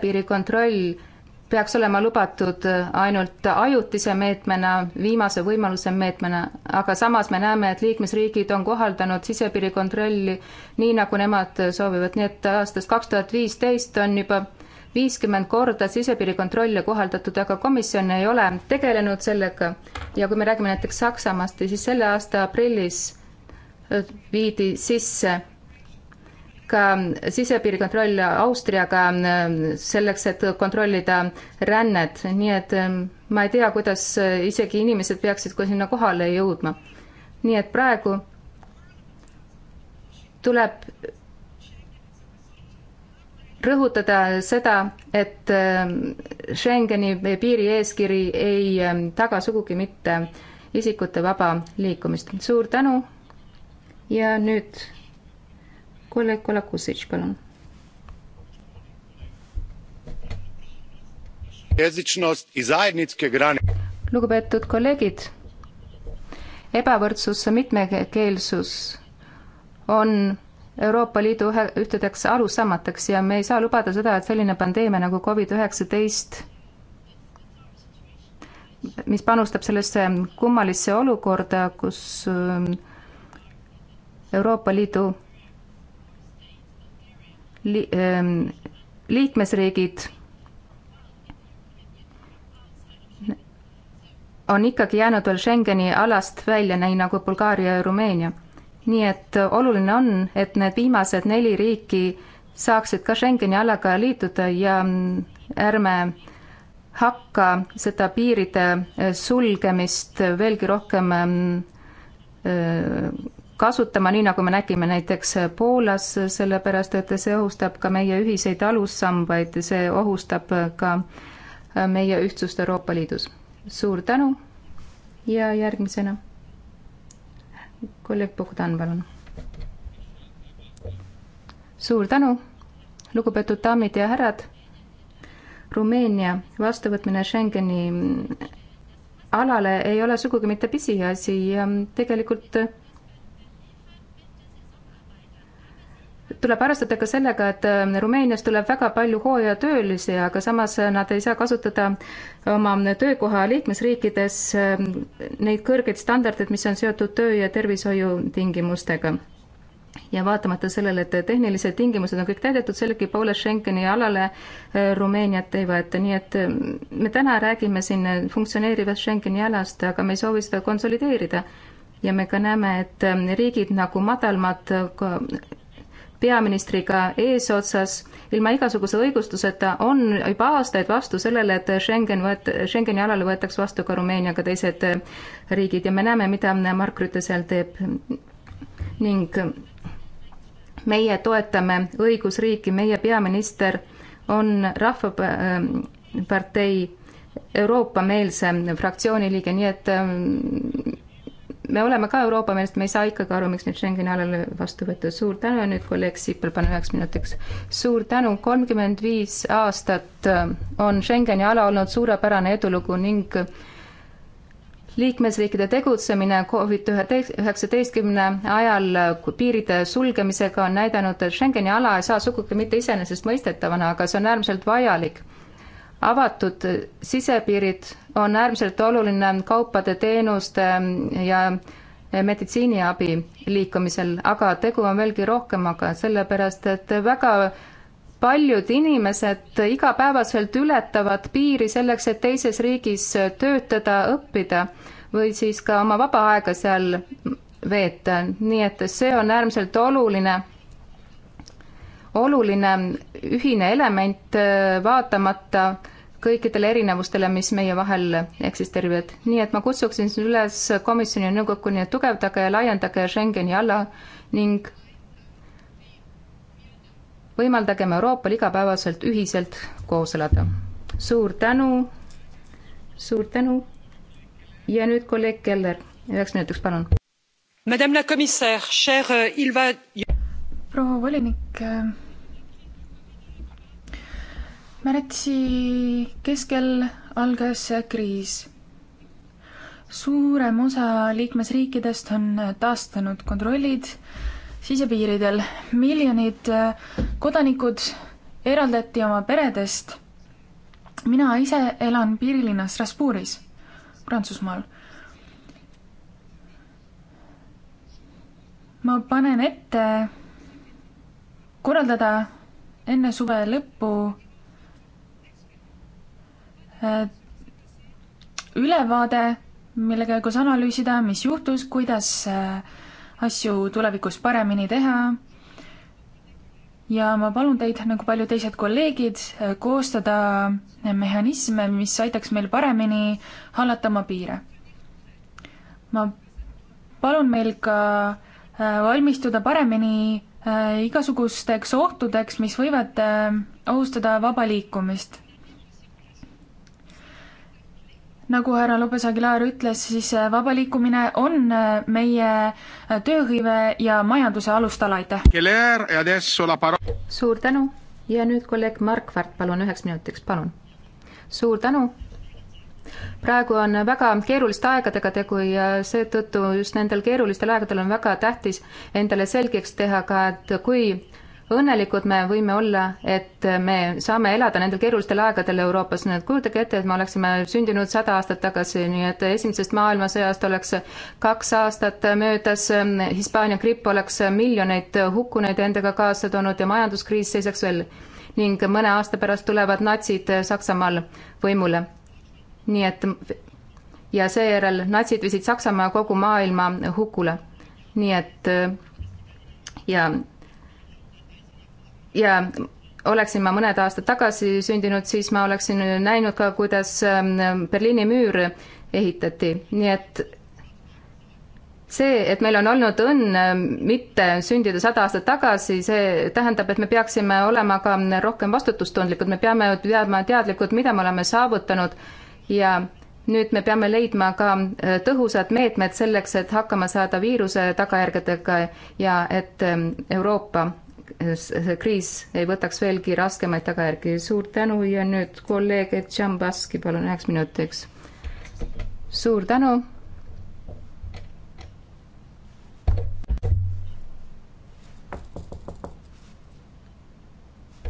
piirikontroll peaks olema lubatud ainult ajutise meetmena, viimase võimaluse meetmena, aga samas me näeme, et liikmesriigid on kohaldanud sisepiirikontrolli nii, nagu nemad soovivad, nii et aastast kaks tuhat viisteist on juba viiskümmend korda sisepiirikontrolle kohaldatud, aga komisjon ei ole tegelenud sellega. ja kui me räägime näiteks Saksamaast, siis selle aasta aprillis viidi sisse ka sisepiirikontroll Austriaga ähm, selleks, et kontrollida rännet, nii et ähm, ma ei tea, kuidas äh, isegi inimesed peaksid ka sinna kohale jõudma. nii et praegu tuleb rõhutada seda, et ähm, Schengeni piiri eeskiri ei taga sugugi mitte isikute vaba liikumist. suur tänu ja nüüd kolleeg Kolakusitš, palun. lugupeetud kolleegid, ebavõrdsus, mitmekeelsus on Euroopa Liidu ühe, ühtedeks alussammateks ja me ei saa lubada seda, et selline pandeemia nagu Covid-19 mis panustab sellesse kummalisse olukorda, kus ähm, Euroopa Liidu li, ähm, liikmesriigid on ikkagi jäänud veel Schengeni alast välja, nii nagu Bulgaaria ja Rumeenia. nii et oluline on, et need viimased neli riiki saaksid ka Schengeni alaga liituda ja mm, ärme hakka seda piiride sulgemist veelgi rohkem mm, äh, kasutama, nii nagu me nägime näiteks Poolas, sellepärast et see ohustab ka meie ühiseid alussambaid, see ohustab ka meie ühtsust Euroopa Liidus. suur tänu ja järgmisena kolleeg Puhtan, palun. suur tänu, lugupeetud daamid ja härrad. Rumeenia vastuvõtmine Schengeni alale ei ole sugugi mitte pisiasi ja tegelikult tuleb arvestada ka sellega, et ähm, Rumeenias tuleb väga palju hooajatöölisi, aga samas äh, nad ei saa kasutada oma töökoha liikmesriikides ähm, neid kõrgeid standardeid, mis on seotud töö- ja tervishoiutingimustega. ja vaatamata sellele, et tehnilised tingimused on kõik täidetud, sellegipoolest Schengeni alale äh, Rumeeniat ei võeta, nii et ähm, me täna räägime siin äh, funktsioneerivast Schengeni alast, aga me ei soovi seda konsolideerida ja me ka näeme, et riigid nagu madalmad peaministriga eesotsas, ilma igasuguse õigustuseta, on juba aastaid vastu sellele, et Schengen võet-, Schengeni alale võetaks vastu ka Rumeeniaga teised äh, riigid ja me näeme, mida Mark Rütte seal teeb. ning meie toetame õigusriiki, meie peaminister on Rahvapartei Euroopa-meelse fraktsiooni liige, nii et ähm, me oleme ka Euroopa meelest, me ei saa ikkagi aru, miks meid Schengeni alale vastu võtta. suur tänu ja nüüd kolleeg Sipel, pane üheks minutiks. suur tänu, kolmkümmend viis aastat äh, on Schengeni ala olnud suurepärane edulugu ning liikmesriikide tegutsemine Covid-19 ajal piiride sulgemisega on näidanud, et Schengeni ala ei saa sugugi mitte iseenesestmõistetavana, aga see on äärmiselt vajalik avatud sisepiirid on äärmiselt oluline kaupade, teenuste ja meditsiiniabi liikumisel, aga tegu on veelgi rohkemaga, sellepärast et väga paljud inimesed igapäevaselt ületavad piiri selleks, et teises riigis töötada, õppida või siis ka oma vaba aega seal veeta, nii et see on äärmiselt oluline oluline ühine element, äh, vaatamata kõikidele erinevustele, mis meie vahel eksisteerivad. nii et ma kutsuksin üles komisjoni ja nõukogu, nii et tugevdage ja laiendage Schengeni ala ning võimaldagem Euroopal igapäevaselt ühiselt koos elada. suur tänu, suur tänu. ja nüüd kolleeg Keller, üheks minutiks, palun. Madame la commissaire, cher euh, Ilva proua volinik, äh, märtsi keskel algas kriis. suurem osa liikmesriikidest on taastanud kontrollid sisepiiridel. miljonid äh, kodanikud eraldati oma peredest. mina ise elan piirilinnas Strasbourgis, Prantsusmaal. ma panen ette korraldada enne suve lõppu äh, ülevaade, mille käigus analüüsida, mis juhtus, kuidas äh, asju tulevikus paremini teha. ja ma palun teid, nagu paljud teised kolleegid, äh, koostada mehhanisme, mis aitaks meil paremini hallata oma piire. ma palun meil ka valmistuda paremini Äh, igasugusteks ohtudeks, mis võivad äh, ohustada vaba liikumist. nagu härra Lopes Aguilar ütles, siis äh, vaba liikumine on meie tööhõive ja majanduse alustala, aitäh! suur tänu ja nüüd kolleeg Mark Värt, palun üheks minutiks, palun! suur tänu, praegu on väga keeruliste aegadega tegu ja seetõttu just nendel keerulistel aegadel on väga tähtis endale selgeks teha ka, et kui õnnelikud me võime olla, et me saame elada nendel keerulistel aegadel Euroopas, nii et kujutage ette, et me oleksime sündinud sada aastat tagasi, nii et Esimesest maailmasõjast oleks kaks aastat möödas, Hispaania gripp oleks miljoneid hukkuneid endaga kaasa toonud ja majanduskriis seisaks veel ning mõne aasta pärast tulevad natsid Saksamaal võimule nii et ja seejärel natsid viisid Saksamaa kogu maailma hukule. nii et äh, ja, ja oleksin ma mõned aastad tagasi sündinud, siis ma oleksin näinud ka, kuidas ähm, Berliini müür ehitati, nii et see, et meil on olnud õnn ähm, mitte sündida sada aastat tagasi, see tähendab, et me peaksime olema ka rohkem vastutustundlikud, me peame teadma teadlikult, mida me oleme saavutanud ja nüüd me peame leidma ka äh, tõhusad meetmed selleks, et hakkama saada viiruse tagajärgedega ja et ähm, Euroopa äh, kriis ei võtaks veelgi raskemaid tagajärgi. suur tänu ja nüüd kolleeg Tšambaski, palun üheks minutiks. suur tänu.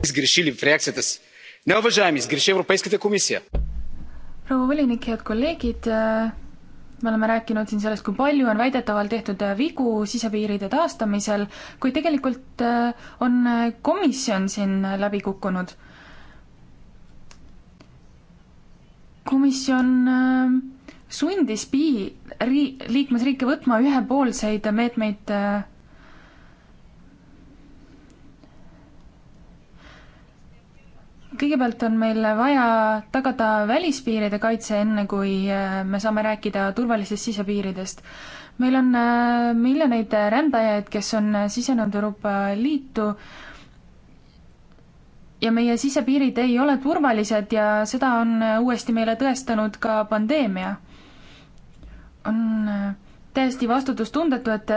сгрешили в реакцията си. Неуважаеми, сгреши Европейската комисия proua volinik, head kolleegid, äh, me oleme rääkinud siin sellest, kui palju on väidetavalt tehtud äh, vigu sisepiiride taastamisel, kuid tegelikult äh, on komisjon siin läbi kukkunud. komisjon sundis pii-, ri-, liikmesriike võtma ühepoolseid meetmeid kõigepealt on meil vaja tagada välispiiride kaitse, enne kui äh, me saame rääkida turvalisest sisepiiridest. meil on äh, miljoneid rändajaid, kes on äh, sisenenud Euroopa Liitu ja meie sisepiirid ei ole turvalised ja seda on uuesti meile tõestanud ka pandeemia. on täiesti vastutustundetu, et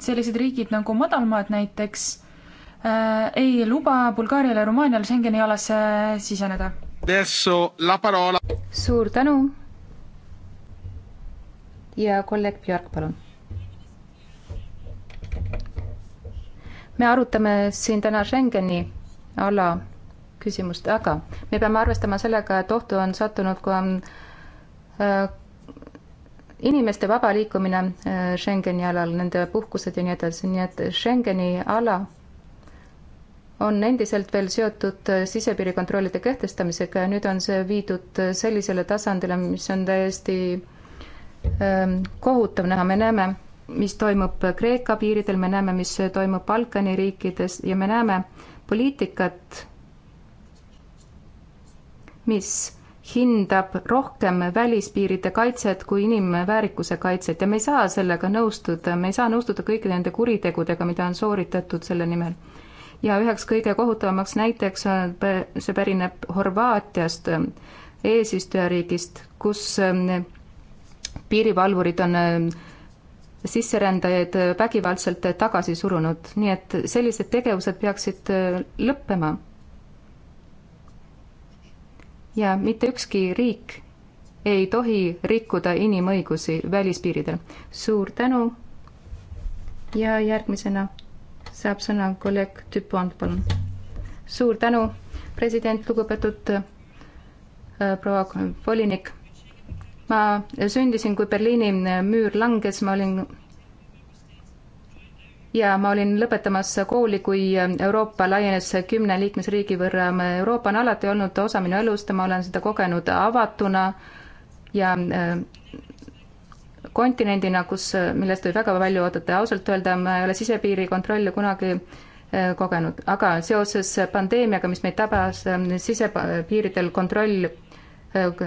sellised riigid nagu madalmaad näiteks Äh, ei luba Bulgaariale ja Rumaaniale Schengeni alasse siseneda. suur tänu. ja kolleeg Björk, palun me arutame siin täna Schengeni ala küsimust, aga me peame arvestama sellega, et ohtu on sattunud ka äh, inimeste vaba liikumine äh, Schengeni alal, nende puhkused ja nii edasi, nii et Schengeni ala on endiselt veel seotud äh, sisepiirikontrollide kehtestamisega ja nüüd on see viidud äh, sellisele tasandile, mis on täiesti ähm, kohutav näha, me näeme, mis toimub Kreeka piiridel, me näeme, mis toimub Balkani riikides ja me näeme poliitikat, mis hindab rohkem välispiiride kaitset kui inimväärikuse kaitset ja me ei saa sellega nõustuda, me ei saa nõustuda kõikide nende kuritegudega, mida on sooritatud selle nimel ja üheks kõige kohutavamaks näiteks äh, see pärineb Horvaatiast, äh, eesistujariigist, kus äh, piirivalvurid on sisserändajaid vägivaldselt tagasi surunud, nii et sellised tegevused peaksid lõppema. ja mitte ükski riik ei tohi rikkuda inimõigusi välispiiridel. suur tänu ja järgmisena saab sõna kolleeg Tüpond, palun. suur tänu, president, lugupeetud äh, proua volinik. ma sündisin, kui Berliini äh, müür langes, ma olin ja ma olin lõpetamas kooli, kui äh, Euroopa laienes kümne liikmesriigi võrra. Euroopa on alati olnud osa minu elust ja ma olen seda kogenud avatuna ja äh, kontinendina, kus, millest võib väga palju oodata ja ausalt öelda ma ei ole sisepiiri kontrolli kunagi äh, kogenud, aga seoses pandeemiaga, mis meid tabas, ähm, sisepiiridel kontroll äh,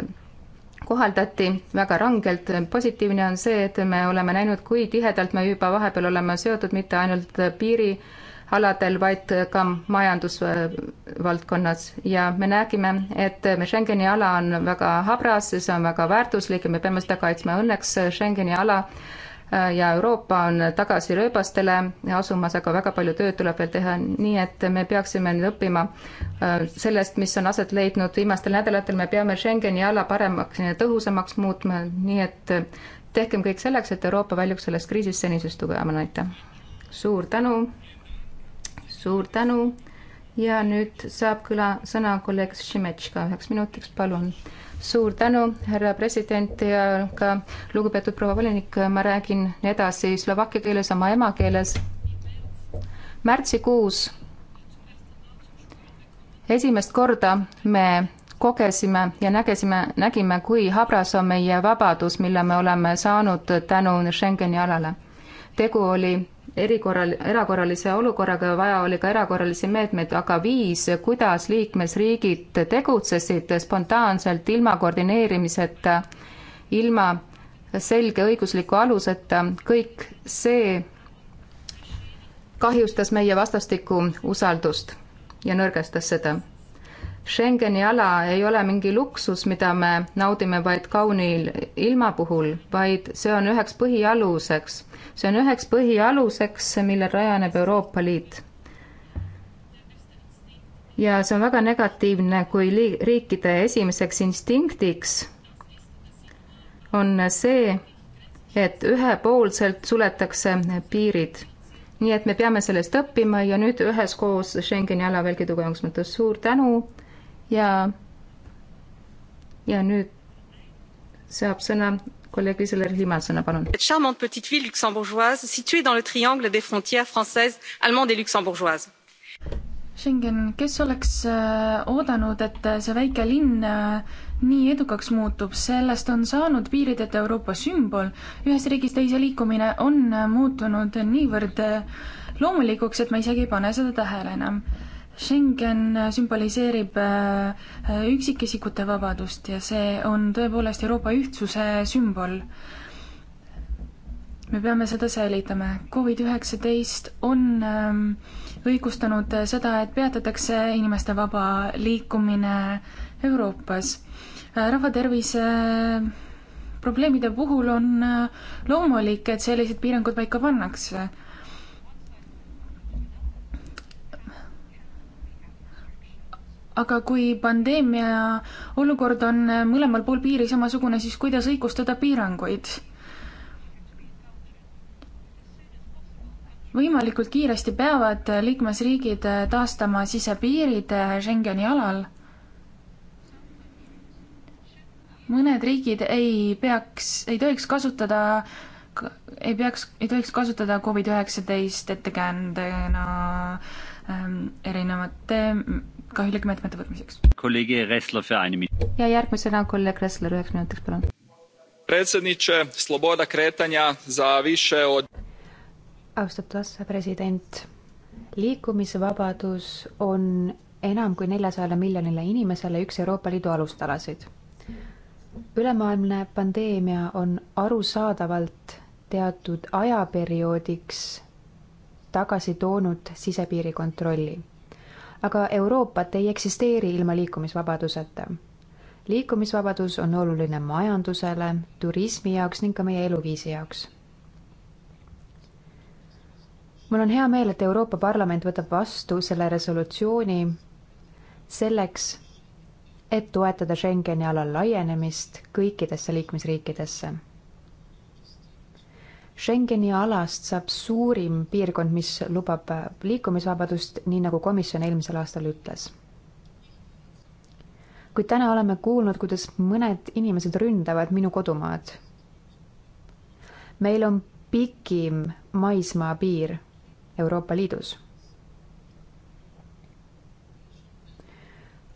kohaldati väga rangelt. positiivne on see, et me oleme näinud, kui tihedalt me juba vahepeal oleme seotud mitte ainult piiri äh, aladel, vaid ka majandusvaldkonnas ja me nägime, et Schengeni ala on väga habras, see on väga väärtuslik ja me peame seda kaitsma. Õnneks Schengeni ala äh, ja Euroopa on tagasi rööbastele asumas, aga väga palju tööd tuleb veel teha, nii et me peaksime nüüd õppima äh, sellest, mis on aset leidnud viimastel nädalatel, me peame Schengeni ala paremaks ja tõhusamaks muutma, nii et äh, tehkem kõik selleks, et Euroopa väljuks sellest kriisist senisest tugevamana, aitäh! suur tänu! suur tänu ja nüüd saab kõla sõna kolleeg Šimetška üheks minutiks, palun. suur tänu, härra president ja ka lugupeetud proua volinik, ma räägin edasi slovakkia keeles, oma emakeeles. märtsikuus esimest korda me kogesime ja nägesime, nägime, kui habras on meie vabadus, mille me oleme saanud tänu Schengeni alale. tegu oli erikorral, erakorralise olukorraga, vaja oli ka erakorralisi meetmeid, aga viis, kuidas liikmesriigid tegutsesid spontaanselt, ilma koordineerimiseta, ilma selge õigusliku aluseta, kõik see kahjustas meie vastastikku usaldust ja nõrgestas seda Schengeni ala ei ole mingi luksus, mida me naudime vaid kauni ilma puhul, vaid see on üheks põhialuseks. see on üheks põhialuseks, millel rajaneb Euroopa Liit. ja see on väga negatiivne, kui riikide esimeseks instinktiks on see, et ühepoolselt suletakse piirid. nii et me peame sellest õppima ja nüüd üheskoos Schengeni ala veelgi tugevamaks mõttes suur tänu ja, ja nüüd saab sõna kolleeg Liseler Liimatsõna, palun. Charmante petite ville luxembourgeoise située dans le triangle des frontières françaises, allemandes et luxembourgeoises. Schengen, kes oleks äh, oodanud, et äh, see väike linn äh, nii edukaks muutub, sellest on saanud piirideta Euroopa sümbol. ühest riigist teise liikumine on muutunud niivõrd loomulikuks, et ma isegi ei pane seda tähele enam Schengen sümboliseerib äh, üksikisikute vabadust ja see on tõepoolest Euroopa ühtsuse sümbol. me peame seda säilitama. Covid-19 on ähm, õigustanud seda, et peatatakse inimeste vaba liikumine Euroopas. Äh, rahvatervise äh, probleemide puhul on loomulik, et sellised piirangud paika pannakse aga kui pandeemia olukord on mõlemal pool piiri samasugune, siis kuidas õigustada piiranguid? võimalikult kiiresti peavad liikmesriigid taastama sisepiirid Schengeni alal. mõned riigid ei peaks, ei tohiks kasutada, ei peaks, ei tohiks kasutada Covid-19 ettekäändena no, Ähm, erinevate mm, kahjulike meetmete võtmiseks. kolleeg Ressler, ja järgmisena kolleeg Ressler üheks minutiks, palun. Predsedniče, sloboda kretanja za više od austatud asepresident, liikumisvabadus on enam kui neljasajale miljonile inimesele üks Euroopa Liidu alustalasid. ülemaailmne pandeemia on arusaadavalt teatud ajaperioodiks tagasi toonud sisepiirikontrolli. aga Euroopat ei eksisteeri ilma liikumisvabaduseta. liikumisvabadus on oluline majandusele, turismi jaoks ning ka meie eluviisi jaoks mul on hea meel, et Euroopa Parlament võtab vastu selle resolutsiooni selleks, et toetada Schengeni ala laienemist kõikidesse liikmesriikidesse Schengeni alast saab suurim piirkond, mis lubab äh, liikumisvabadust, nii nagu komisjon eelmisel aastal ütles. kuid täna oleme kuulnud, kuidas mõned inimesed ründavad minu kodumaad. meil on pikim maismaapiir Euroopa Liidus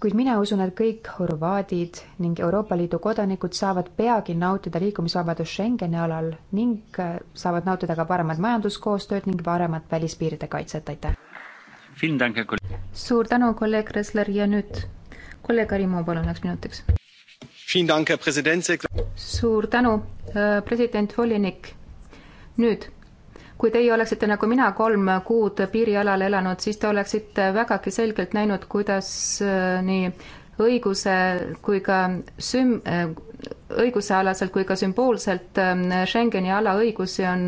kuid mina usun, et kõik horvaadid ning Euroopa Liidu kodanikud saavad peagi nautida liikumisvabadust Schengeni alal ning äh, saavad nautida ka paremat majanduskoostööd ning paremat välispiiride kaitset, aitäh! suur tänu, kolleeg Ressler ja nüüd kolleeg Harimo, palun üheks minutiks. suur tänu, äh, president volinik. nüüd kui teie oleksite nagu mina kolm kuud piirialal elanud, siis te oleksite vägagi selgelt näinud, kuidas äh, nii õiguse kui ka süm-, äh, õigusealaselt kui ka sümboolselt äh, Schengeni ala õigusi on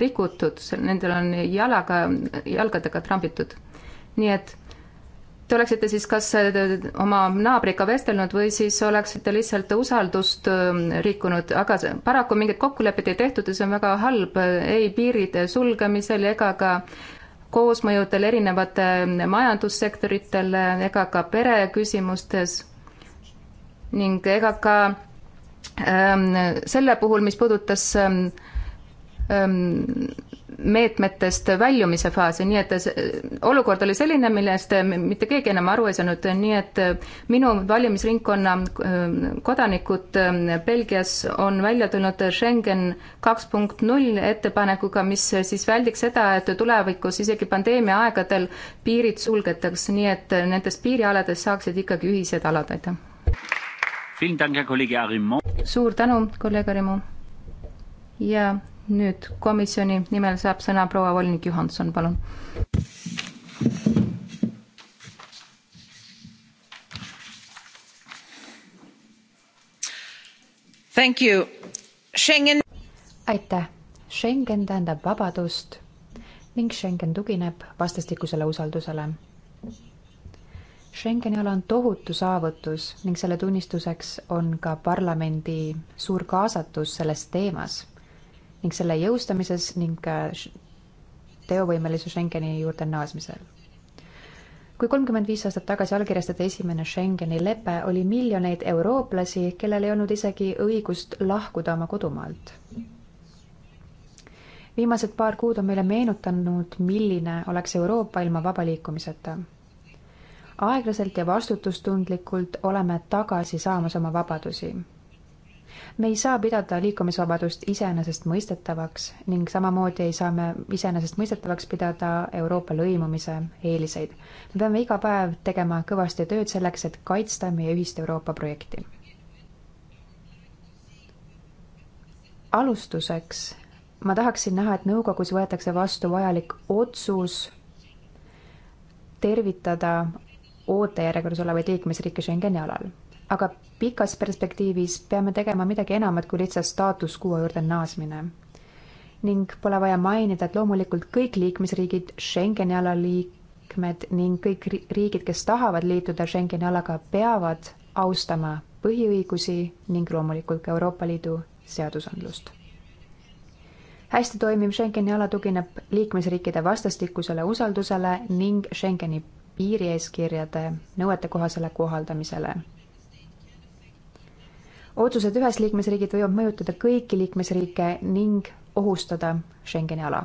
rikutud, nendel on jalaga, jalgadega trambitud. nii et Te oleksite siis kas äh, oma naabriga vestelnud või siis oleksite lihtsalt usaldust ähm, rikkunud, aga paraku mingeid kokkuleppeid ei tehtud ja see on väga halb äh, ei piiride sulgemisel ega ka koosmõjudel erinevate ähm, majandussektoritele ega ka pereküsimustes ning ega ka ähm, selle puhul, mis puudutas ähm, ähm, meetmetest väljumise faasi, nii et olukord oli selline, millest mitte keegi enam aru ei saanud, nii et minu valimisringkonna kodanikud Belgias on välja tulnud Schengen kaks punkt null ettepanekuga, mis siis väldiks seda, et tulevikus isegi pandeemia aegadel piirid sulgetaks, nii et nendest piirialadest saaksid ikkagi ühised alad, aitäh. suur tänu, kolleeg Arimo ja nüüd komisjoni nimel saab sõna proua volinik Johanson, palun. Thank you. Schengen. aitäh. Schengen tähendab vabadust ning Schengen tugineb vastastikusele usaldusele. Schengeni ala on tohutu saavutus ning selle tunnistuseks on ka parlamendi suur kaasatus selles teemas ning selle jõustamises ning äh, teovõimelise Schengeni juurde naasmisel. kui kolmkümmend viis aastat tagasi allkirjastati esimene Schengeni lepe, oli miljoneid eurooplasi, kellel ei olnud isegi õigust lahkuda oma kodumaalt. viimased paar kuud on meile meenutanud, milline oleks Euroopa ilma vaba liikumiseta. aeglaselt ja vastutustundlikult oleme tagasi saamas oma vabadusi me ei saa pidada liikumisvabadust iseenesestmõistetavaks ning samamoodi ei saa me iseenesestmõistetavaks pidada Euroopa lõimumise eeliseid. me peame iga päev tegema kõvasti tööd selleks, et kaitsta meie ühist Euroopa projekti. alustuseks ma tahaksin näha, et nõukogus võetakse vastu vajalik otsus tervitada ootejärjekorras olevaid liikmesriike Schengeni alal aga pikas perspektiivis peame tegema midagi enamat kui lihtsalt staatus quo juurde naasmine. ning pole vaja mainida, et loomulikult kõik liikmesriigid, Schengeni ala liikmed ning kõik riigid, kes tahavad liituda Schengeni alaga, peavad austama põhiõigusi ning loomulikult ka Euroopa Liidu seadusandlust. hästi toimiv Schengeni ala tugineb liikmesriikide vastastikusele usaldusele ning Schengeni piirieeskirjade nõuetekohasele kohaldamisele otsused ühes liikmesriigid võivad mõjutada kõiki liikmesriike ning ohustada Schengeni ala.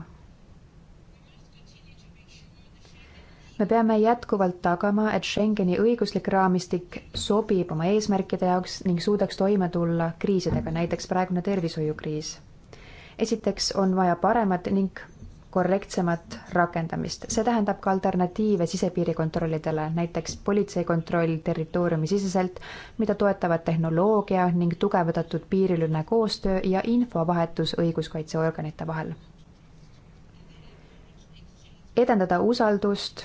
me peame jätkuvalt tagama, et Schengeni õiguslik raamistik sobib oma eesmärkide jaoks ning suudaks toime tulla kriisidega, näiteks praegune tervishoiukriis. esiteks on vaja paremat ning korrektsemat rakendamist. see tähendab ka alternatiive sisepiirikontrollidele, näiteks politseikontroll territooriumisiseselt, mida toetavad tehnoloogia ning tugevdatud piiriline koostöö ja infovahetus õiguskaitseorganite vahel. edendada usaldust,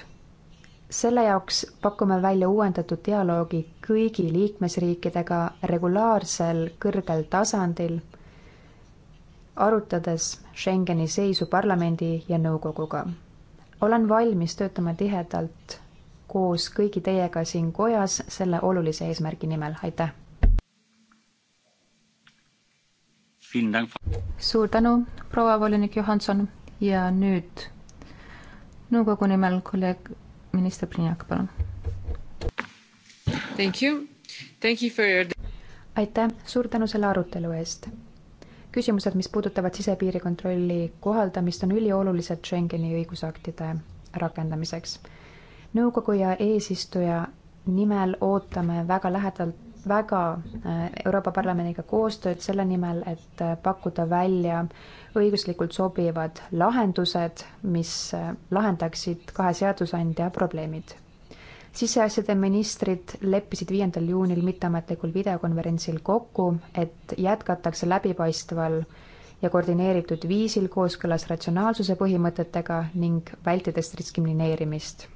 selle jaoks pakume välja uuendatud dialoogi kõigi liikmesriikidega regulaarsel kõrgel tasandil arutades Schengeni seisu parlamendi ja nõukoguga. olen valmis töötama tihedalt koos kõigi teiega siin kojas selle olulise eesmärgi nimel, aitäh! suur tänu, proua volinik Johanson ja nüüd nõukogu nimel kolleeg minister Prinjak, palun. Thank you, thank you for your aitäh, suur tänu selle arutelu eest küsimused, mis puudutavad sisepiirikontrolli kohaldamist, on üliolulised Schengeni õigusaktide rakendamiseks. nõukogu ja eesistuja nimel ootame väga lähedalt, väga äh, Euroopa Parlamendiga koostööd selle nimel, et äh, pakkuda välja õiguslikult sobivad lahendused, mis äh, lahendaksid kahe seadusandja probleemid siseasjade ministrid leppisid viiendal juunil mitteametlikul videokonverentsil kokku, et jätkatakse läbipaistval ja koordineeritud viisil kooskõlas ratsionaalsuse põhimõtetega ning vältides diskrimineerimist.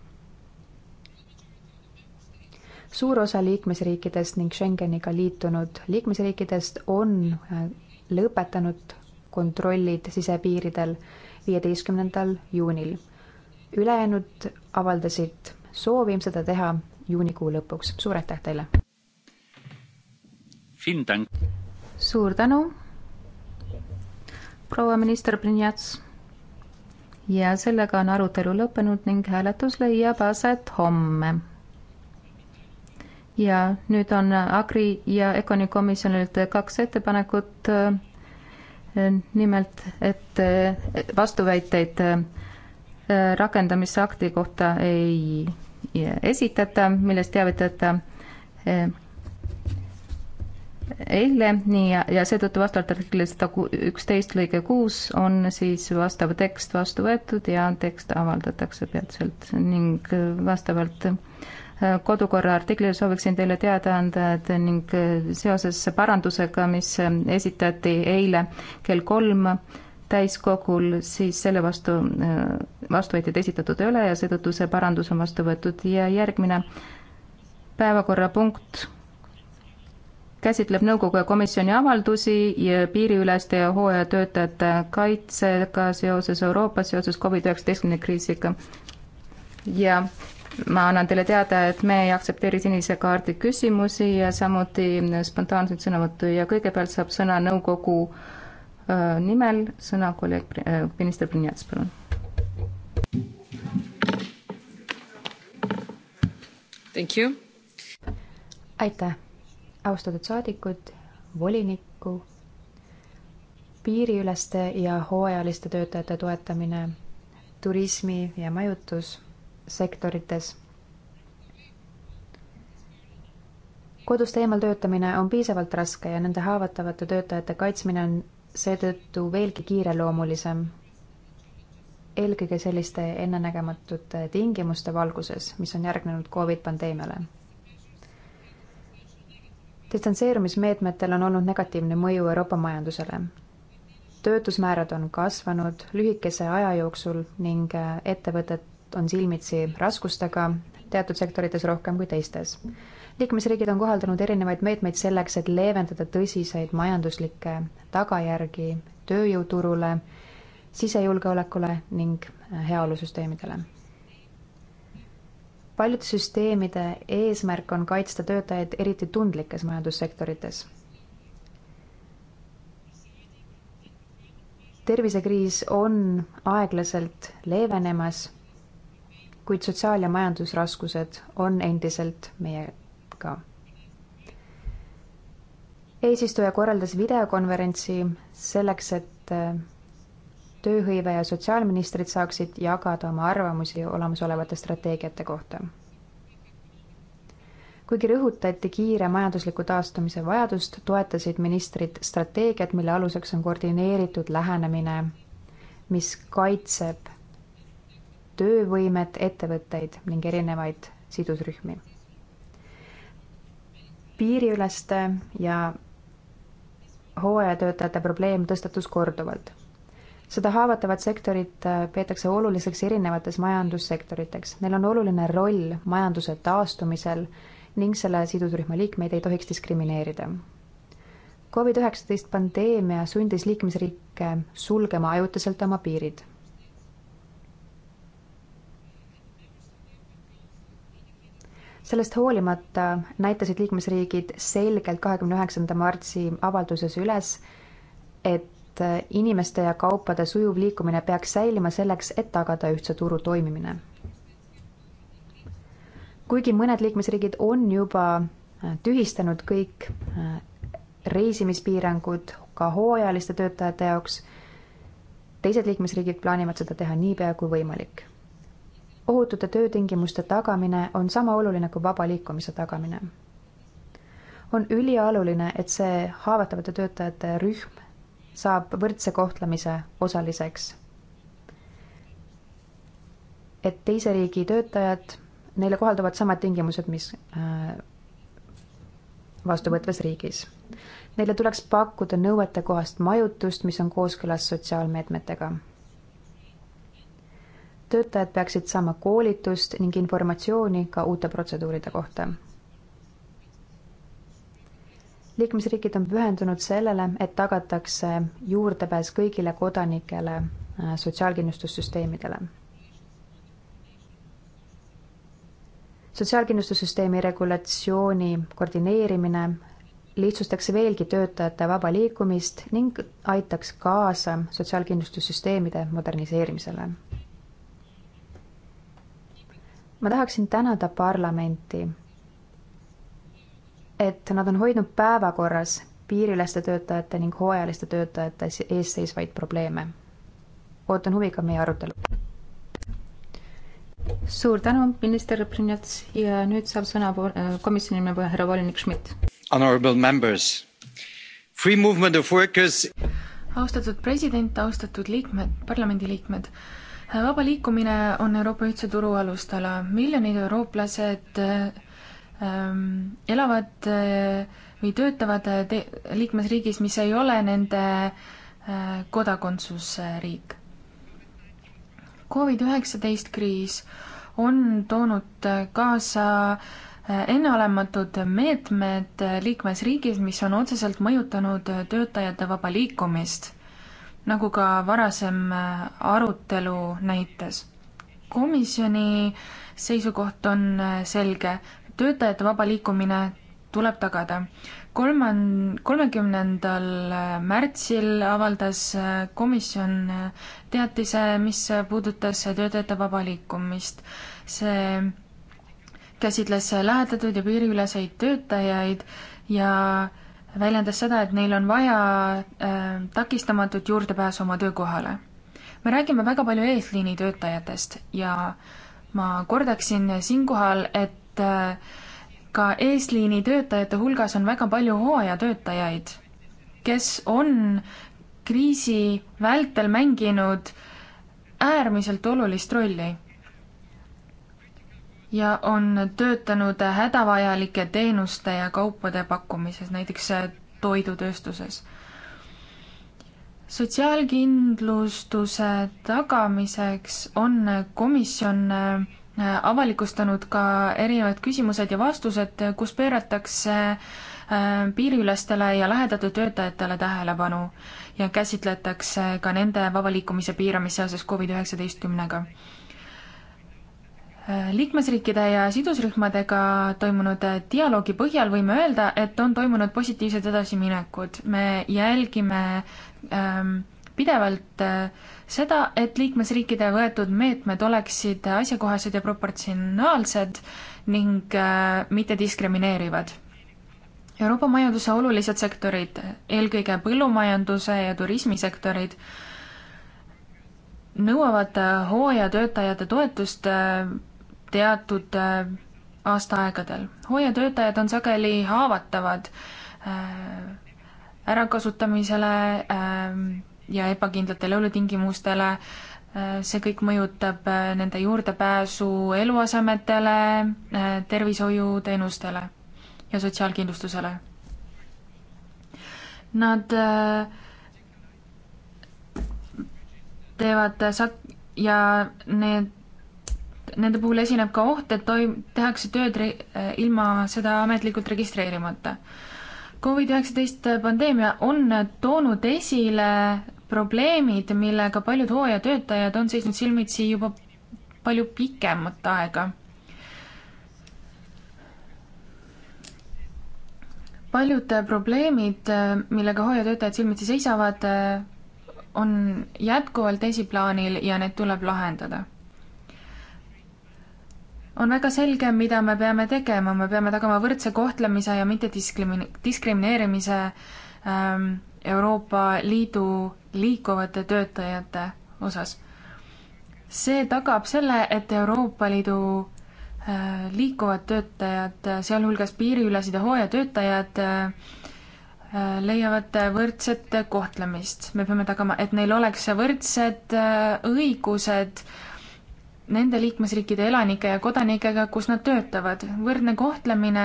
suur osa liikmesriikidest ning Schengeniga liitunud liikmesriikidest on äh, lõpetanud kontrollid sisepiiridel viieteistkümnendal juunil. ülejäänud avaldasid soovime seda teha juunikuu lõpuks. suur aitäh teile! suur tänu, proua minister Brinjats. ja sellega on arutelu lõppenud ning hääletus leiab aset homme. ja nüüd on Agri ja Econi komisjonilt kaks ettepanekut. nimelt, et vastuväiteid Äh, rakendamisakti kohta ei esitata, millest teavitada äh, eile, nii, ja seetõttu vastavalt artiklile sada üksteist lõige kuus on siis vastav tekst vastu võetud ja tekst avaldatakse peatselt ning vastavalt äh, kodukorra artiklile sooviksin teile teada anda, et ning seoses parandusega, mis esitati eile kell kolm, täiskogul, siis selle vastu, äh, vastuväiteid esitatud ei ole ja seetõttu see parandus on vastu võetud ja järgmine päevakorrapunkt käsitleb nõukogu ja komisjoni avaldusi ja piiriüleste ja hooajatöötajate kaitsega seoses Euroopas, seoses Covid-19 kriisiga. ja ma annan teile teada, et me ei aktsepteeri sinise kaardi küsimusi ja samuti spontaanseid sõnavõttu ja kõigepealt saab sõna nõukogu äh, Äh, nimel sõna kolleeg äh, minister Brynjats, palun. Thank you. aitäh, austatud saadikud, volinikku, piiriüleste ja hooajaliste töötajate toetamine turismi ja majutussektorites kodust eemal töötamine on piisavalt raske ja nende haavatavate töötajate kaitsmine on seetõttu veelgi kiireloomulisem, eelkõige selliste ennenägematute tingimuste valguses, mis on järgnenud Covid pandeemiale. distantseerumismeetmetel on olnud negatiivne mõju Euroopa majandusele. töötusmäärad on kasvanud lühikese aja jooksul ning ettevõtted on silmitsi raskustega teatud sektorites rohkem kui teistes. liikmesriigid on kohaldanud erinevaid meetmeid selleks, et leevendada tõsiseid majanduslikke tagajärgi tööjõuturule, sisejulgeolekule ning heaolusüsteemidele. paljude süsteemide eesmärk on kaitsta töötajaid eriti tundlikes majandussektorites tervisekriis on aeglaselt leevenemas kuid sotsiaal- ja majandusraskused on endiselt meiega. eesistuja korraldas videokonverentsi selleks, et äh, tööhõive ja sotsiaalministrid saaksid jagada oma arvamusi olemasolevate strateegiate kohta. kuigi rõhutati kiire majandusliku taastumise vajadust, toetasid ministrid strateegiat, mille aluseks on koordineeritud lähenemine, mis kaitseb töövõimet, ettevõtteid ning erinevaid sidusrühmi. piiriüleste ja hooajatöötajate probleem tõstatus korduvalt. seda haavatavat sektorit äh, peetakse oluliseks erinevates majandussektoriteks. Neil on oluline roll majanduse taastumisel ning selle sidusrühma liikmeid ei tohiks diskrimineerida. Covid-19 pandeemia sundis liikmesriike sulgema ajutiselt oma piirid sellest hoolimata näitasid liikmesriigid selgelt kahekümne üheksanda märtsi avalduses üles, et inimeste ja kaupade sujuv liikumine peaks säilima selleks, et tagada ühtse turu toimimine. kuigi mõned liikmesriigid on juba tühistanud kõik äh, reisimispiirangud ka hooajaliste töötajate jaoks, teised liikmesriigid plaanivad seda teha niipea kui võimalik ohutute töötingimuste tagamine on sama oluline kui vaba liikumise tagamine. on ülioluline, et see haavatavate töötajate rühm saab võrdse kohtlemise osaliseks. et teise riigi töötajad, neile kohalduvad samad tingimused, mis äh, vastuvõtvas riigis. Neile tuleks pakkuda nõuetekohast majutust, mis on kooskõlas sotsiaalmeetmetega töötajad peaksid saama koolitust ning informatsiooni ka uute protseduuride kohta. liikmesriigid on pühendunud sellele, et tagatakse juurdepääs kõigile kodanikele äh, sotsiaalkindlustussüsteemidele sotsiaalkindlustussüsteemi regulatsiooni koordineerimine lihtsustaks veelgi töötajate vaba liikumist ning aitaks kaasa sotsiaalkindlustussüsteemide moderniseerimisele ma tahaksin tänada parlamenti, et nad on hoidnud päevakorras piirilaste töötajate ning hooajaliste töötajate ees seisvaid probleeme. ootan huviga meie arutelu. suur tänu, minister Brünjats ja nüüd saab sõna äh, komisjoni nimel härra volinik Schmidt. Honorable members, free movement of workers. austatud president, austatud liikmed, parlamendiliikmed vaba liikumine on Euroopa ühtse turu alustala. miljonid eurooplased ähm, elavad äh, või töötavad äh, te-, liikmesriigis, mis ei ole nende äh, kodakondsusriik. Covid-19 kriis on toonud kaasa äh, enneolematud meetmed liikmesriigis, mis on otseselt mõjutanud töötajate vaba liikumist nagu ka varasem äh, arutelu näitas. komisjoni seisukoht on äh, selge, töötajate vaba liikumine tuleb tagada. kolman-, kolmekümnendal äh, märtsil avaldas komisjon teatise, mis puudutas töötajate vaba liikumist. see käsitles lähedatud ja piiriüleseid töötajaid ja äh, väljendas seda, et neil on vaja äh, takistamatut juurdepääsu oma töökohale. me räägime väga palju eesliini töötajatest ja ma kordaksin siinkohal, et äh, ka eesliini töötajate hulgas on väga palju hooajatöötajaid, kes on kriisi vältel mänginud äärmiselt olulist rolli ja on töötanud hädavajalike teenuste ja kaupade pakkumises, näiteks äh, toidutööstuses. sotsiaalkindlustuse tagamiseks on komisjon äh, avalikustanud ka erinevad küsimused ja vastused, kus pööratakse äh, piiriülestele ja lähedatud töötajatele tähelepanu ja käsitletakse ka nende vaba liikumise piiramist seoses Covid-19-ga Äh, liikmesriikide ja sidusrühmadega toimunud äh, dialoogi põhjal võime öelda, et on toimunud positiivsed edasiminekud. me jälgime ähm, pidevalt äh, seda, et liikmesriikide võetud meetmed oleksid asjakohased ja proportsionaalsed ning äh, mitte diskrimineerivad. Euroopa majanduse olulised sektorid, eelkõige põllumajanduse ja turismisektorid, nõuavad äh, hooajatöötajate toetust teatud äh, aastaaegadel. hooajatöötajad on sageli haavatavad äh, ärakasutamisele äh, ja ebakindlatele elutingimustele. see kõik mõjutab nende juurdepääsu eluasemetele, tervishoiuteenustele ja sotsiaalkindlustusele. Nad teevad sak- ja need nende puhul esineb ka oht, et toim-, tehakse tööd re-, äh, ilma seda ametlikult registreerimata. Covid-19 pandeemia on toonud esile probleemid, millega paljud hooajatöötajad on seisnud silmitsi juba palju pikemat aega. paljud probleemid, millega hooajatöötajad silmitsi seisavad, on jätkuvalt esiplaanil ja need tuleb lahendada on väga selge, mida me peame tegema, me peame tagama võrdse kohtlemise ja mitte diskrimi-, diskrimineerimise ähm, Euroopa Liidu liikuvate töötajate osas. see tagab selle, et Euroopa Liidu äh, liikuvad töötajad, sealhulgas piiriülesid ja hooajatöötajad äh,, leiavad võrdset kohtlemist. me peame tagama, et neil oleks võrdsed äh, õigused äh, nende liikmesriikide elanike ja kodanikega, kus nad töötavad. võrdne kohtlemine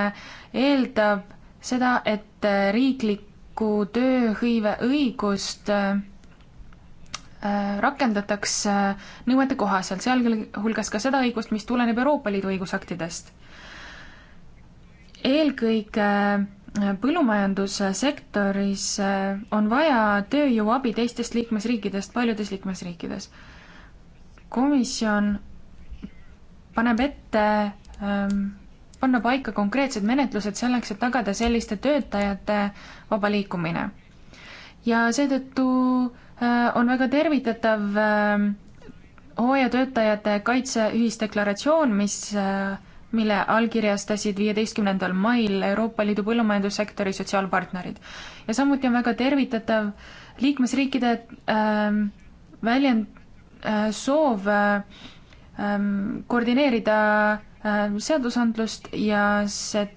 eeldab seda, et äh, riiklikku tööhõive õigust äh, äh, rakendataks nõuete kohaselt, sealhulgas ka seda õigust, mis tuleneb Euroopa Liidu õigusaktidest. eelkõige põllumajandussektoris on vaja tööjõuabi teistest liikmesriikidest, paljudes liikmesriikides. komisjon paneb ette ähm, panna paika konkreetsed menetlused selleks, et tagada selliste töötajate vaba liikumine. ja seetõttu äh, on väga tervitatav äh, hooajatöötajate kaitse ühisdeklaratsioon, mis äh, mille allkirjastasid viieteistkümnendal mail Euroopa Liidu põllumajandussektori sotsiaalpartnerid. ja samuti on väga tervitatav liikmesriikide äh, väljend äh,, soov äh, Ähm, koordineerida ähm, seadusandlust ja see,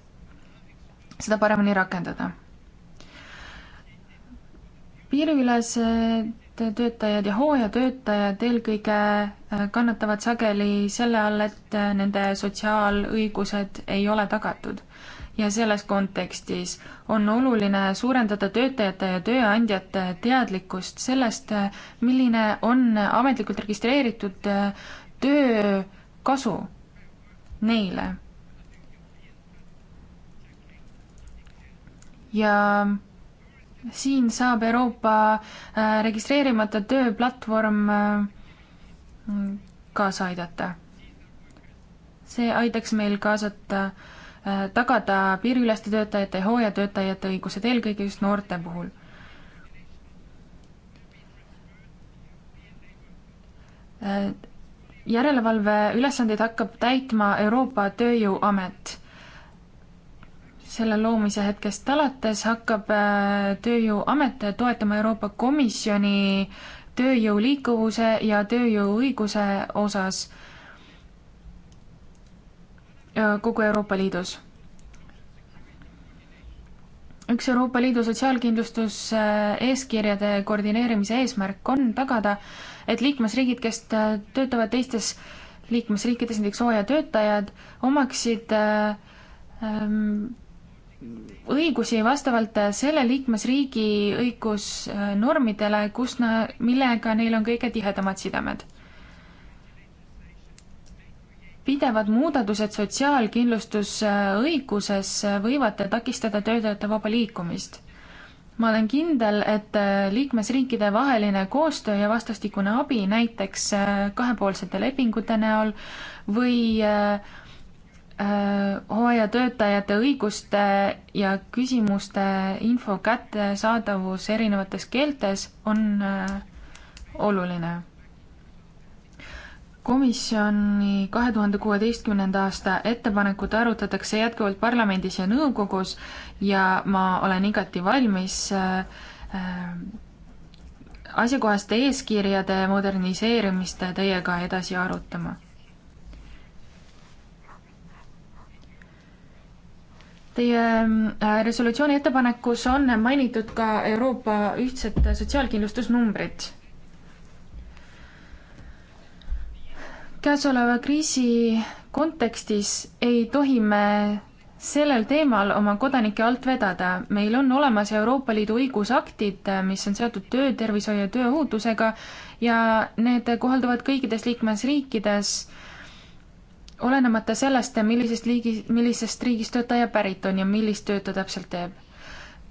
seda paremini rakendada. piiriülesed töötajad ja hooajatöötajad eelkõige äh, kannatavad sageli selle all, et äh, nende sotsiaalõigused ei ole tagatud. ja selles kontekstis on oluline suurendada töötajate ja tööandjate teadlikkust sellest, äh, milline on ametlikult registreeritud töö kasu neile. ja siin saab Euroopa äh, registreerimata tööplatvorm äh, kaasa aidata. see aitaks meil kaasata, äh, tagada piiriüleste töötajate ja hooajatöötajate õigused, eelkõige just noorte puhul järelevalve ülesandeid hakkab täitma Euroopa Tööjõuamet. selle loomise hetkest alates hakkab äh, Tööjõuamet toetama Euroopa Komisjoni tööjõu liikuvuse ja tööjõuõiguse osas äh, kogu Euroopa Liidus. üks Euroopa Liidu sotsiaalkindlustuse äh, eeskirjade koordineerimise eesmärk on tagada, et liikmesriigid, kes äh, töötavad teistes liikmesriikides, näiteks hooajatöötajad, omaksid äh, ähm, õigusi vastavalt äh, selle liikmesriigi õigusnormidele, kus na-, millega neil on kõige tihedamad sidemed. pidevad muudatused sotsiaalkindlustusõiguses võivad takistada töötajate vaba liikumist ma olen kindel, et äh, liikmesriikide vaheline koostöö ja vastastikune abi näiteks äh, kahepoolsete lepingute näol või äh, hooajatöötajate õiguste ja küsimuste info kättesaadavus erinevates keeltes on oluline komisjoni kahe tuhande kuueteistkümnenda aasta ettepanekut arutatakse jätkuvalt parlamendis ja nõukogus ja ma olen igati valmis äh, äh, asjakohaste eeskirjade moderniseerimist teiega edasi arutama. Teie äh, resolutsiooni ettepanekus on mainitud ka Euroopa ühtset sotsiaalkindlustusnumbrit käesoleva kriisi kontekstis ei tohi me sellel teemal oma kodanike alt vedada. meil on olemas Euroopa Liidu õigusaktid, mis on seotud töötervishoiu ja tööohutusega ja need kohalduvad kõikides liikmesriikides, olenemata sellest, millisest liigi, millisest riigist töötaja pärit on ja millist tööd ta täpselt teeb.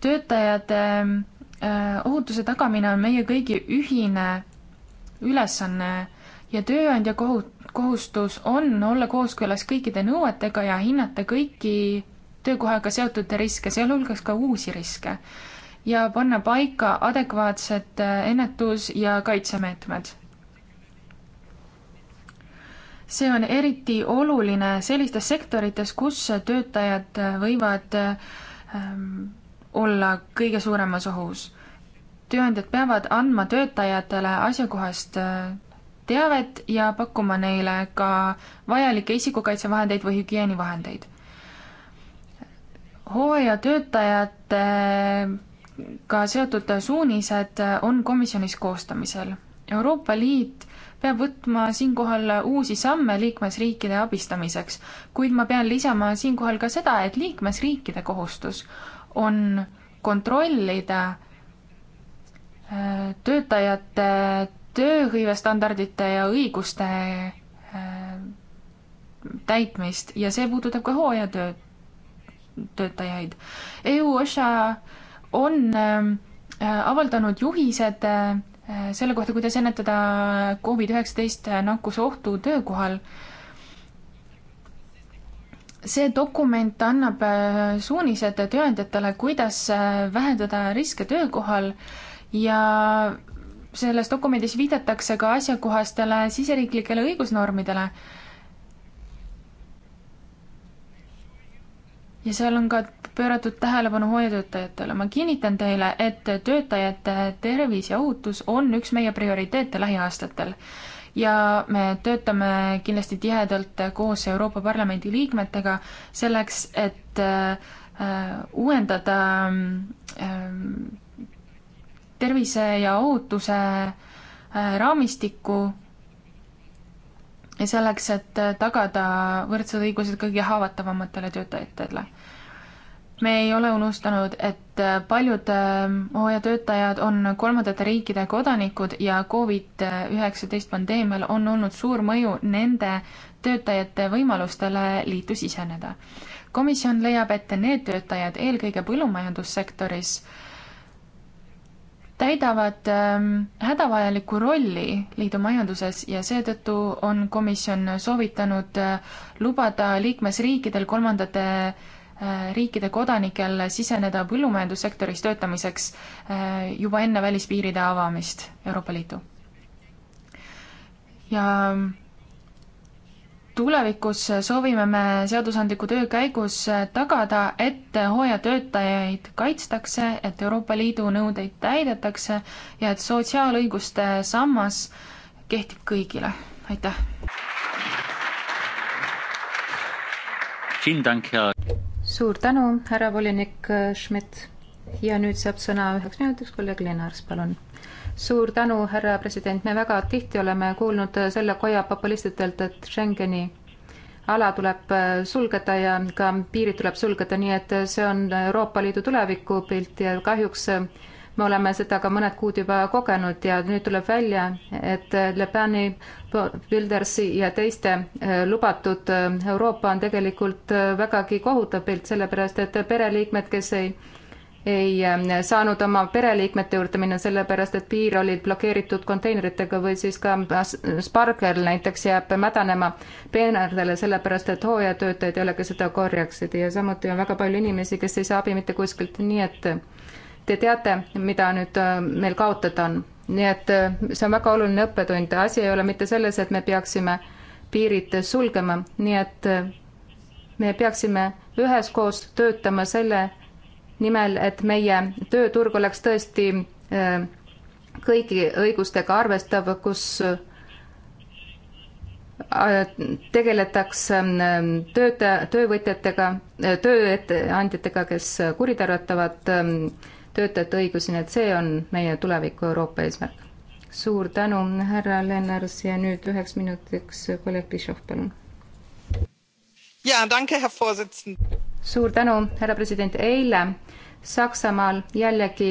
töötajate äh, ohutuse tagamine on meie kõigi ühine ülesanne ja tööandja kohut-, kohustus on olla kooskõlas kõikide nõuetega ja hinnata kõiki töökohaga seotud riske, sealhulgas ka uusi riske ja panna paika adekvaatsed äh, ennetus- ja kaitsemeetmed. see on eriti oluline sellistes sektorites, kus töötajad äh, võivad äh, ähm, olla kõige suuremas ohus. tööandjad peavad andma töötajatele asjakohast teavet ja pakkuma neile ka vajalikke isikukaitsevahendeid või hügieenivahendeid. hooajatöötajatega seotud suunised on komisjonis koostamisel. Euroopa Liit peab võtma siinkohal uusi samme liikmesriikide abistamiseks, kuid ma pean lisama siinkohal ka seda, et liikmesriikide kohustus on kontrollida äh, töötajate tööhõivestandardite ja õiguste äh, täitmist ja see puudutab ka hooajatöö, töötajaid. EU OSHA on äh, avaldanud juhised äh, selle kohta, kuidas ennetada Covid-19 nakkusohtu töökohal. see dokument annab suunised tööandjatele, kuidas vähendada riske töökohal ja selles dokumendis viidatakse ka asjakohastele siseriiklikele õigusnormidele. ja seal on ka pööratud tähelepanu hooajatöötajatele. ma kinnitan teile, et töötajate tervis ja ohutus on üks meie prioriteete lähiaastatel ja me töötame kindlasti tihedalt koos Euroopa Parlamendi liikmetega selleks, et uuendada äh, äh, ähm, tervise ja ohutuse äh, raamistikku ja selleks, et äh, tagada võrdsed õigused kõige haavatavamatele töötajatele. me ei ole unustanud, et äh, paljud hooajatöötajad on kolmandate riikide kodanikud ja Covid-19 pandeemial on olnud suur mõju nende töötajate võimalustele liitu siseneda. komisjon leiab, et need töötajad, eelkõige põllumajandussektoris, täidavad ähm, hädavajalikku rolli liidu majanduses ja seetõttu on komisjon soovitanud äh, lubada liikmesriikidel kolmandate äh, riikide kodanikel siseneda põllumajandussektoris töötamiseks äh, juba enne välispiiride avamist Euroopa Liitu. ja tulevikus soovime me seadusandliku töö käigus tagada, et hooajatöötajaid kaitstakse, et Euroopa Liidu nõudeid täidetakse ja et sotsiaalõiguste sammas kehtib kõigile. aitäh! suur tänu, härra volinik Schmidt ja nüüd saab sõna üheks minutiks kolleeg Lennart, palun suur tänu, härra president, me väga tihti oleme kuulnud selle koja populistidelt, et Schengeni ala tuleb äh, sulgeda ja ka piirid tuleb sulgeda, nii et see on Euroopa Liidu tulevikupilt ja kahjuks äh, me oleme seda ka mõned kuud juba kogenud ja nüüd tuleb välja, et äh, Le Peni, Wildersi ja teiste lubatud Euroopa on tegelikult vägagi kohutav pilt, sellepärast et pereliikmed, kes ei ei ähm, saanud oma pereliikmete juurde minna, sellepärast et piir oli blokeeritud konteineritega või siis ka spargel näiteks jääb mädanema peenardele, sellepärast et hooajatöötajad ei ole, kes seda korjaksid ja samuti on väga palju inimesi, kes ei saa abi mitte kuskilt, nii et te teate, mida nüüd äh, meil kaotada on. nii et äh, see on väga oluline õppetund, asi ei ole mitte selles, et me peaksime piirid sulgema, nii et äh, me peaksime üheskoos töötama selle nimel, et meie tööturg oleks tõesti äh, kõigi õigustega arvestav, kus äh, tegeletakse äh, töötaja, töövõtjatega, tööandjatega, kes kuritarvatavad ähm, töötajate õigusi, nii et see on meie tuleviku Euroopa eesmärk. suur tänu, härra Lennars ja nüüd üheks minutiks kolleeg Pišov, palun. jaa, tänke, härra Vorsitzend suur tänu, härra president, eile Saksamaal jällegi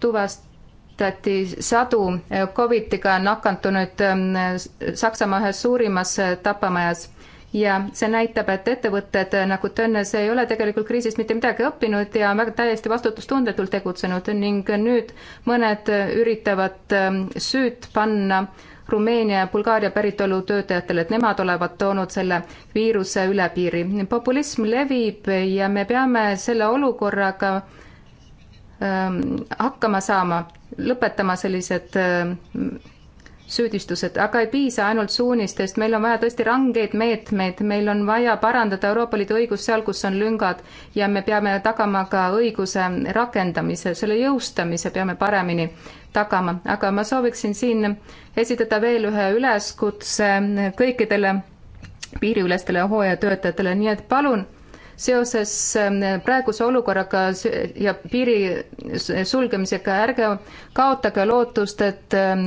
tuvastati sadu Covidiga nakatunud Saksamaa ühes suurimas tapamajas ja see näitab, et ettevõtted nagu Tönnes ei ole tegelikult kriisist mitte midagi õppinud ja väga täiesti vastutustundetult tegutsenud ning nüüd mõned üritavad süüd panna äh, Rumeenia ja Bulgaaria päritolu töötajatele, et nemad olevat toonud selle viiruse üle piiri. populism levib ja me peame selle olukorraga ähm, hakkama saama, lõpetama sellised ähm, süüdistused, aga ei piisa ainult suunistest, meil on vaja tõesti rangeid meetmeid, meil on vaja parandada Euroopa Liidu õigust seal, kus on lüngad ja me peame tagama ka õiguse rakendamise, selle jõustamise peame paremini tagama, aga ma sooviksin siin esitada veel ühe üleskutse kõikidele piiriülestele hooajatöötajatele, nii et palun seoses ähm, praeguse olukorraga ja piiri sulgemisega ärge kaotage lootust, et ähm,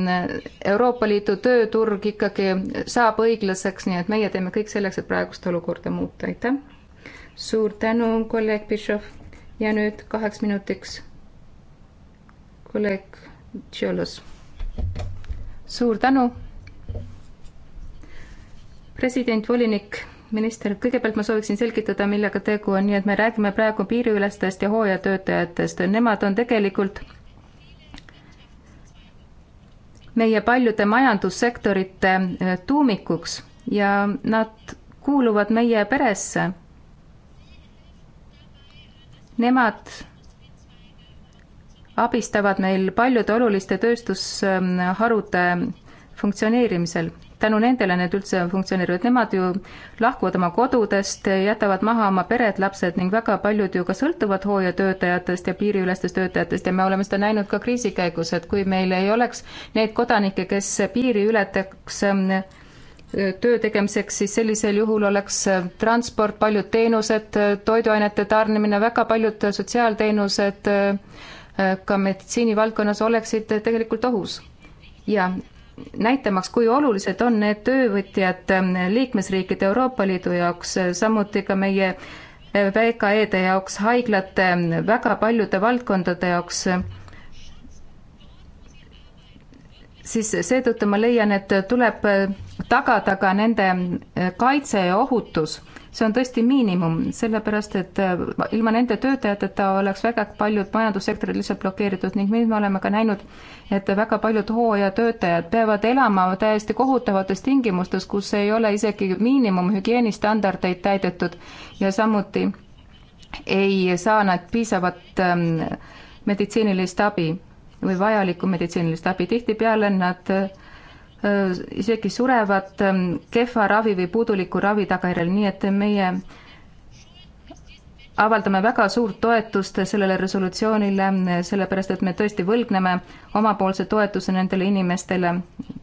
Euroopa Liidu tööturg ikkagi saab õiglaseks, nii et meie teeme kõik selleks, et praegust olukorda muuta, aitäh. suur tänu, kolleeg Bischoff ja nüüd kaheks minutiks kolleeg Tšiolos. suur tänu. president, volinik, minister, kõigepealt ma sooviksin selgitada, millega tegu on, nii et me räägime praegu piiriülestest ja hooajatöötajatest, nemad on tegelikult meie paljude majandussektorite eh, tuumikuks ja nad kuuluvad meie peresse. Nemad abistavad meil paljude oluliste tööstusharude funktsioneerimisel. tänu nendele need üldse funktsioneerivad, nemad ju lahkuvad oma kodudest, jätavad maha oma pered, lapsed ning väga paljud ju ka sõltuvad hooajatöötajatest ja piiriülestest töötajatest ja me oleme seda näinud ka kriisi käigus, et kui meil ei oleks neid kodanikke, kes piiri ületaks ähm, töö tegemiseks, siis sellisel juhul oleks äh, transport, paljud teenused, äh, toiduainete tarnimine, väga paljud sotsiaalteenused äh, Äh, ka meditsiinivaldkonnas oleksid tegelikult ohus. ja näitamaks, kui olulised on need töövõtjad ähm, liikmesriikide Euroopa Liidu jaoks, äh, samuti ka meie äh, VKE-de jaoks, haiglate, ähm, väga paljude valdkondade jaoks, siis seetõttu ma leian, et tuleb tagada ka nende kaitse ja ohutus see on tõesti miinimum, sellepärast et äh, ilma nende töötajateta oleks väga paljud majandussektorid lihtsalt blokeeritud ning nüüd me oleme ka näinud, et väga paljud hooajatöötajad peavad elama täiesti kohutavates tingimustes, kus ei ole isegi miinimumhügieenistandardeid täidetud ja samuti ei saa nad piisavat ähm, meditsiinilist abi või vajalikku meditsiinilist abi, tihtipeale nad äh, Äh, isegi surevad ähm, kehva ravi või puuduliku ravi tagajärjel, nii et meie avaldame väga suurt toetust sellele resolutsioonile, sellepärast et me tõesti võlgneme omapoolse toetuse nendele inimestele.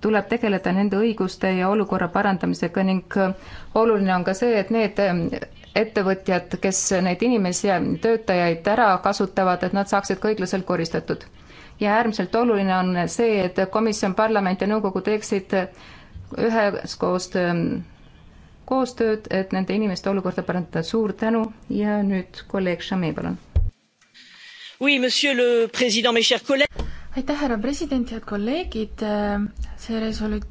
tuleb tegeleda nende õiguste ja olukorra parandamisega ning äh, oluline on ka see, et need ähm, ettevõtjad, kes neid inimesi ja töötajaid ära kasutavad, et nad saaksid ka õiglaselt koristatud ja äärmiselt oluline on see, et komisjon, parlament ja nõukogu teeksid üheskoos ähm, koostööd, et nende inimeste olukorda parandada. suur tänu ja nüüd kolleeg Šami, palun. aitäh, härra president, head kolleegid, ähm, see resolut-,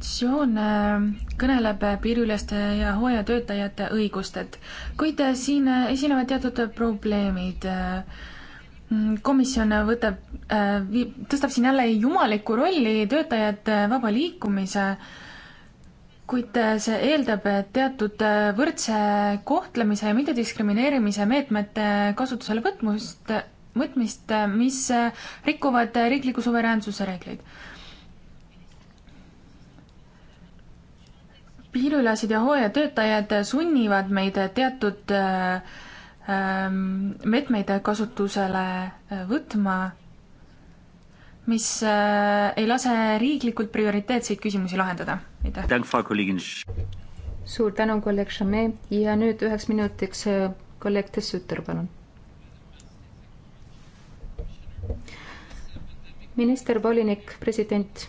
konventsioon ähm, kõneleb piiriüleste ja hooajatöötajate õigustest, kuid äh, siin äh, esinevad teatud probleemid äh, komisjon võtab, äh, tõstab siin jälle jumalikku rolli töötajate vaba liikumise, kuid äh, see eeldab teatud äh, võrdse kohtlemise ja mittediskrimineerimise meetmete kasutusele võtmust, võtmist, mis rikuvad riikliku suveräänsuse reegleid. piiriülesid ja hooajatöötajad sunnivad meid teatud äh, Ähm, meetmeid kasutusele äh, võtma, mis äh, ei lase riiklikult prioriteetseid küsimusi lahendada. aitäh! suur tänu, kolleeg Chamet ja nüüd üheks minutiks äh, kolleeg Tessuter, palun. minister, volinik, president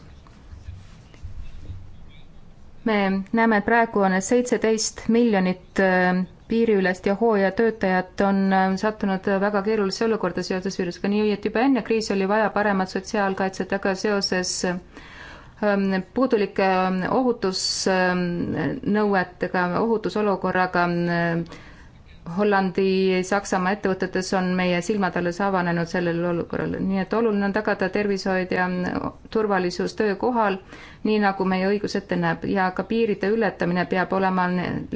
me näeme, et praegu on seitseteist miljonit piiriülest ja hooajatöötajat on äh, sattunud väga keerulisse olukorda seoses viirusega, nii et juba enne kriisi oli vaja paremat sotsiaalkaitset, aga seoses ähm, puudulike ähm, ohutusnõuetega, ohutusolukorraga ähm, Hollandi, Saksamaa ettevõtetes on meie silmad alles avanenud sellele olukorrale, nii et oluline on tagada tervishoid ja turvalisus töökohal, nii nagu meie õigus ette näeb ja ka piiride ületamine peab olema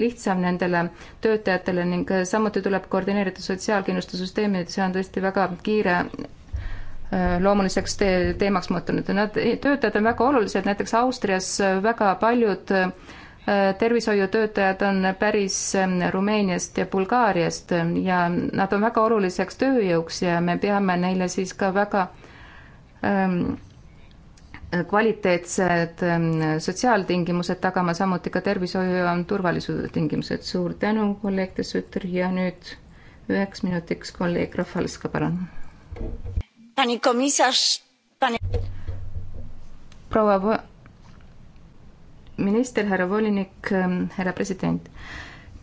lihtsam nendele töötajatele ning samuti tuleb koordineerida sotsiaalkindlustussüsteemi, et see on tõesti väga kiire äh, loomuliseks te teemaks muutunud. Nad, töötajad on väga olulised, näiteks Austrias väga paljud äh, tervishoiutöötajad on päris Rumeeniast ja Bulgaariast ja nad on väga oluliseks tööjõuks ja me peame neile siis ka väga kvaliteetsed sotsiaaltingimused tagama, samuti ka tervishoiu ja turvalisuse tingimused. suur tänu, kolleeg De Sutter ja nüüd üheks minutiks kolleeg Rafalska, palun. proua minister, härra volinik, ähm, härra president.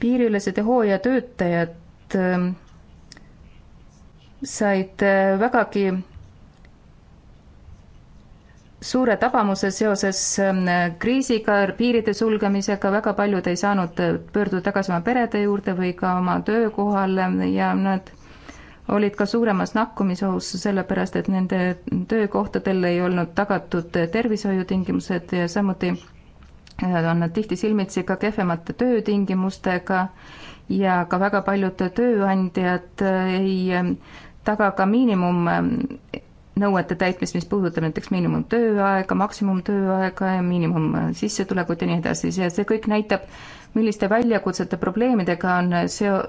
piiriülesed hooajatöötajad ähm, said äh, vägagi suure tabamuse seoses ähm, kriisiga, piiride sulgemisega, väga paljud ei saanud äh, pöörduda tagasi oma perede juurde või ka oma töökohale ja nad olid ka suuremas nakkumisohus, sellepärast et nende töökohtadel ei olnud tagatud äh, tervishoiutingimused ja samuti on nad tihti silmitsi ka kehvemate töötingimustega ja ka väga paljud tööandjad eh, ei eh, taga ka miinimum eh, nõuete täitmist, mis puudutab näiteks miinimumtööaega, maksimumtööaega ja miinimumsissetulekut ja nii edasi, see, see kõik näitab, milliste väljakutsete, probleemidega on seo-,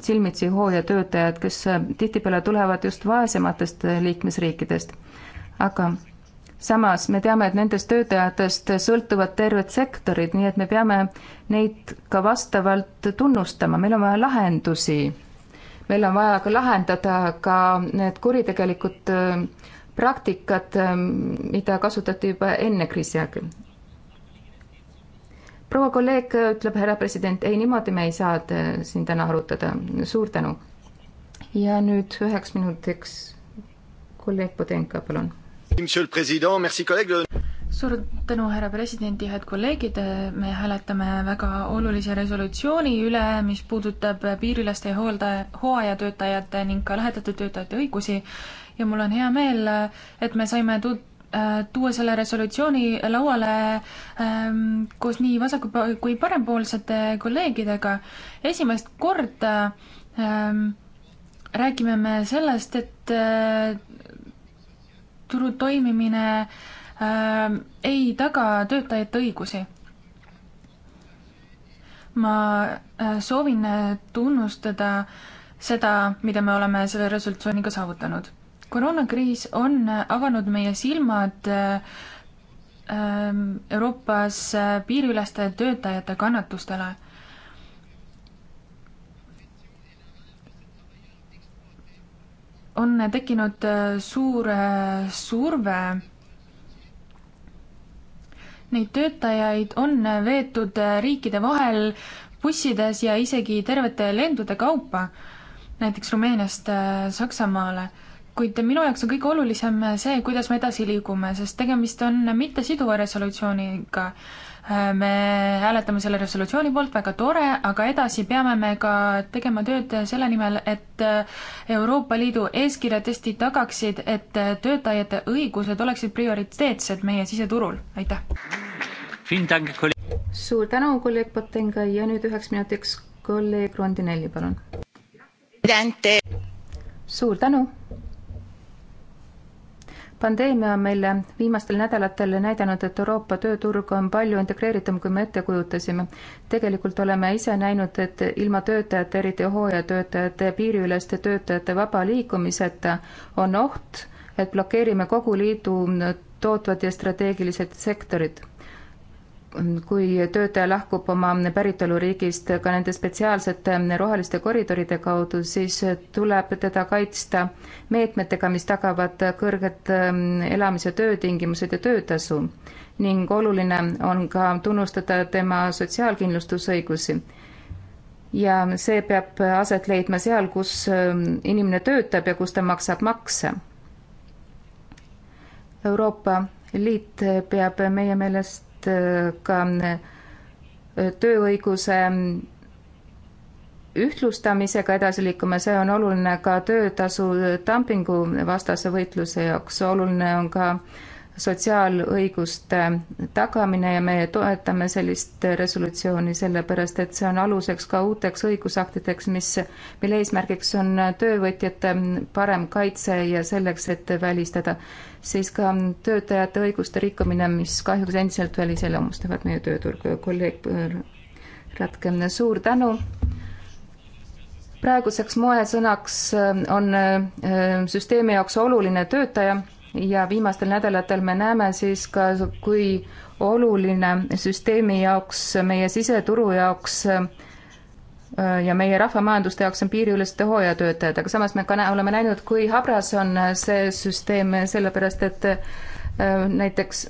silmitsi hooajatöötajad, kes tihtipeale tulevad just vaesematest liikmesriikidest. aga samas me teame, et nendest töötajatest sõltuvad terved sektorid, nii et me peame neid ka vastavalt tunnustama, meil on vaja lahendusi. meil on vaja ka lahendada ka need kuritegelikud äh, praktikad, äh, mida kasutati juba enne kriisi aega. proua kolleeg äh, ütleb, härra president, ei, niimoodi me ei saa siin täna arutada, suur tänu. ja nüüd üheks minutiks kolleeg Podenka, palun suur tänu, härra president ja head kolleegid, me hääletame väga olulise resolutsiooni üle, mis puudutab piirilaste ja hooldaja, hooajatöötajate ning ka lähetatud töötajate õigusi ja mul on hea meel, et me saime tut-, äh, tuua selle resolutsiooni lauale ähm, koos nii vasaku- kui parempoolsete kolleegidega. esimest korda ähm, räägime me sellest, et äh, turu toimimine äh, ei taga töötajate õigusi. ma äh, soovin tunnustada seda, mida me oleme selle resolutsiooniga saavutanud. koroonakriis on avanud meie silmad ähm, äh, Euroopas piiriüleste töötajate kannatustele on tekkinud äh, suur äh, surve. Neid töötajaid on äh, veetud riikide vahel bussides ja isegi tervete lendude kaupa, näiteks Rumeeniast Saksamaale. kuid minu jaoks on kõige olulisem see, kuidas me edasi liigume, sest tegemist on mittesiduva resolutsiooniga me hääletame selle resolutsiooni poolt, väga tore, aga edasi peame me ka tegema tööd selle nimel, et Euroopa Liidu eeskirjad tõesti tagaksid, et töötajate õigused oleksid prioriteetsed meie siseturul, aitäh! suur tänu, kolleeg Potenga ja nüüd üheks minutiks kolleeg Rondinelli, palun! suur tänu! pandeemia on meile viimastel nädalatel näidanud, et Euroopa tööturg on palju integreeritum, kui me ette kujutasime. tegelikult oleme ise näinud, et ilma töötajate, eriti hooajatöötajate, piiriüleste töötajate vaba liikumiseta on oht, et blokeerime kogu liidu tootvad ja strateegilised sektorid kui töötaja lahkub oma päritoluriigist ka nende spetsiaalsete roheliste koridoride kaudu, siis tuleb teda kaitsta meetmetega, mis tagavad kõrged ähm, elamis- ja töötingimused ja töötasu. ning oluline on ka tunnustada tema sotsiaalkindlustusõigusi. ja see peab aset leidma seal, kus ähm, inimene töötab ja kus ta maksab makse. Euroopa Liit peab meie meelest et äh, ka äh, tööõiguse äh, ühtlustamisega edasi liikuma, see on oluline ka töötasu dumpingu vastase võitluse jaoks, oluline on ka äh, sotsiaalõiguste tagamine ja me toetame sellist resolutsiooni sellepärast, et see on aluseks ka uuteks õigusaktideks, mis, mille eesmärgiks on töövõtjate parem kaitse ja selleks, et välistada siis ka töötajate õiguste rikkumine, mis kahjuks endiselt veel iseloomustavad meie tööturgu. kolleeg Ratke, suur tänu praeguseks moesõnaks on äh, süsteemi jaoks oluline töötaja ja viimastel nädalatel me näeme siis ka, kui oluline süsteemi jaoks, meie siseturu jaoks äh, ja meie rahvamajanduste jaoks on piiriüleste hooajatöötajad, aga samas me ka nä oleme näinud, kui habras on see süsteem, sellepärast et äh, näiteks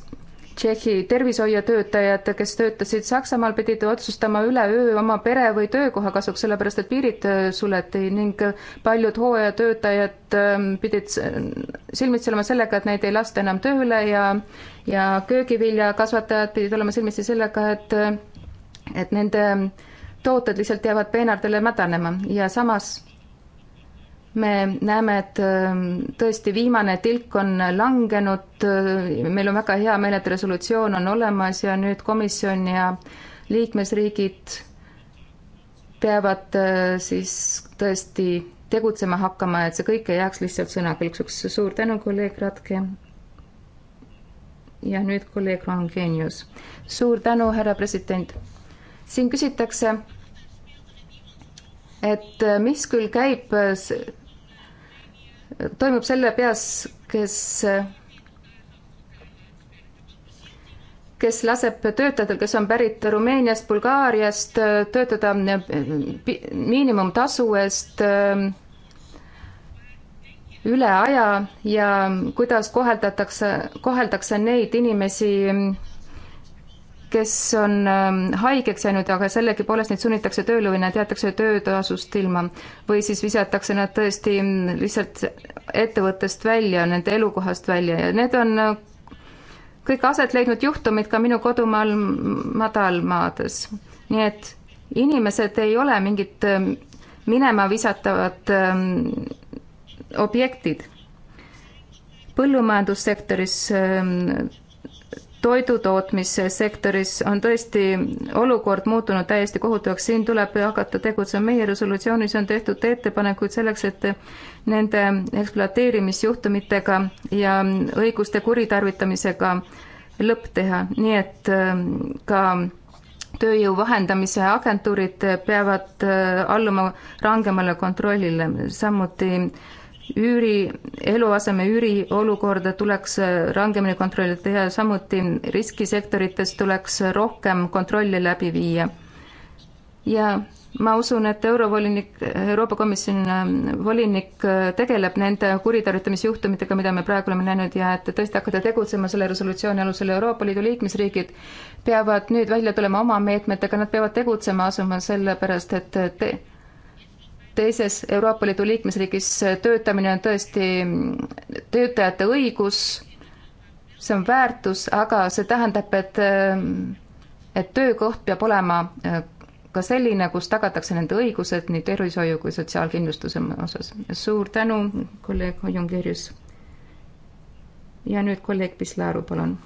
Tšehhi tervishoiutöötajad, kes töötasid Saksamaal, pidid otsustama üleöö oma pere või töökoha kasuks, sellepärast et piirid äh, suleti ning paljud hooajatöötajad ähm, pidid silmitsi olema sellega, et neid ei lasta enam tööle ja ja köögiviljakasvatajad pidid olema silmitsi sellega, et äh, et nende tooted lihtsalt jäävad peenardele mädanema ja samas me näeme, et ähm, tõesti viimane tilk on langenud, meil on väga hea meel, et resolutsioon on olemas ja nüüd komisjon ja liikmesriigid peavad äh, siis tõesti tegutsema hakkama, et see kõik ei jääks lihtsalt sõnakõlksuks. suur tänu, kolleeg Ratke. ja nüüd kolleeg Rangenius. suur tänu, härra president. siin küsitakse, et äh, mis küll käib äh, toimub selle peas, kes, kes laseb töötajatel, kes on pärit Rumeeniast, Bulgaariast, töötada eh, miinimumtasu eest eh, üle aja ja kuidas koheldatakse, koheldakse neid inimesi kes on ähm, haigeks jäänud, aga sellegipoolest neid sunnitakse tööle või nad jäetakse töötasust ilma. või siis visatakse nad tõesti mm, lihtsalt ettevõttest välja, nende elukohast välja ja need on äh, kõik aset leidnud juhtumid ka minu kodumaal madalmaades. nii et inimesed ei ole mingid ähm, minema visatavad ähm, objektid. põllumajandussektoris toidutootmissektoris on tõesti olukord muutunud täiesti kohutavaks, siin tuleb hakata tegutsema, meie resolutsioonis on tehtud ettepanekuid selleks, et nende ekspluateerimisjuhtumitega ja õiguste kuritarvitamisega lõpp teha, nii et äh, ka tööjõu vahendamise agentuurid peavad äh, alluma rangemale kontrollile, samuti üüri, eluaseme üüri olukorda tuleks äh, rangemini kontrollida ja samuti riskisektorites tuleks rohkem kontrolli läbi viia. ja ma usun, et eurovolinik, Euroopa Komisjoni äh, volinik äh, tegeleb nende kuritarvitamisjuhtumitega, mida me praegu oleme näinud ja et tõesti hakata tegutsema selle resolutsiooni alusel, Euroopa Liidu liikmesriigid peavad nüüd välja tulema oma meetmetega, nad peavad tegutsema asuma, sellepärast et te, teises Euroopa Liidu liikmesriigis töötamine on tõesti töötajate õigus, see on väärtus, aga see tähendab, et et töökoht peab olema äh, ka selline, kus tagatakse nende õigused nii tervishoiu kui sotsiaalkindlustuse osas. suur tänu, kolleeg Hojungerjus. ja nüüd kolleeg Pislaru, palun,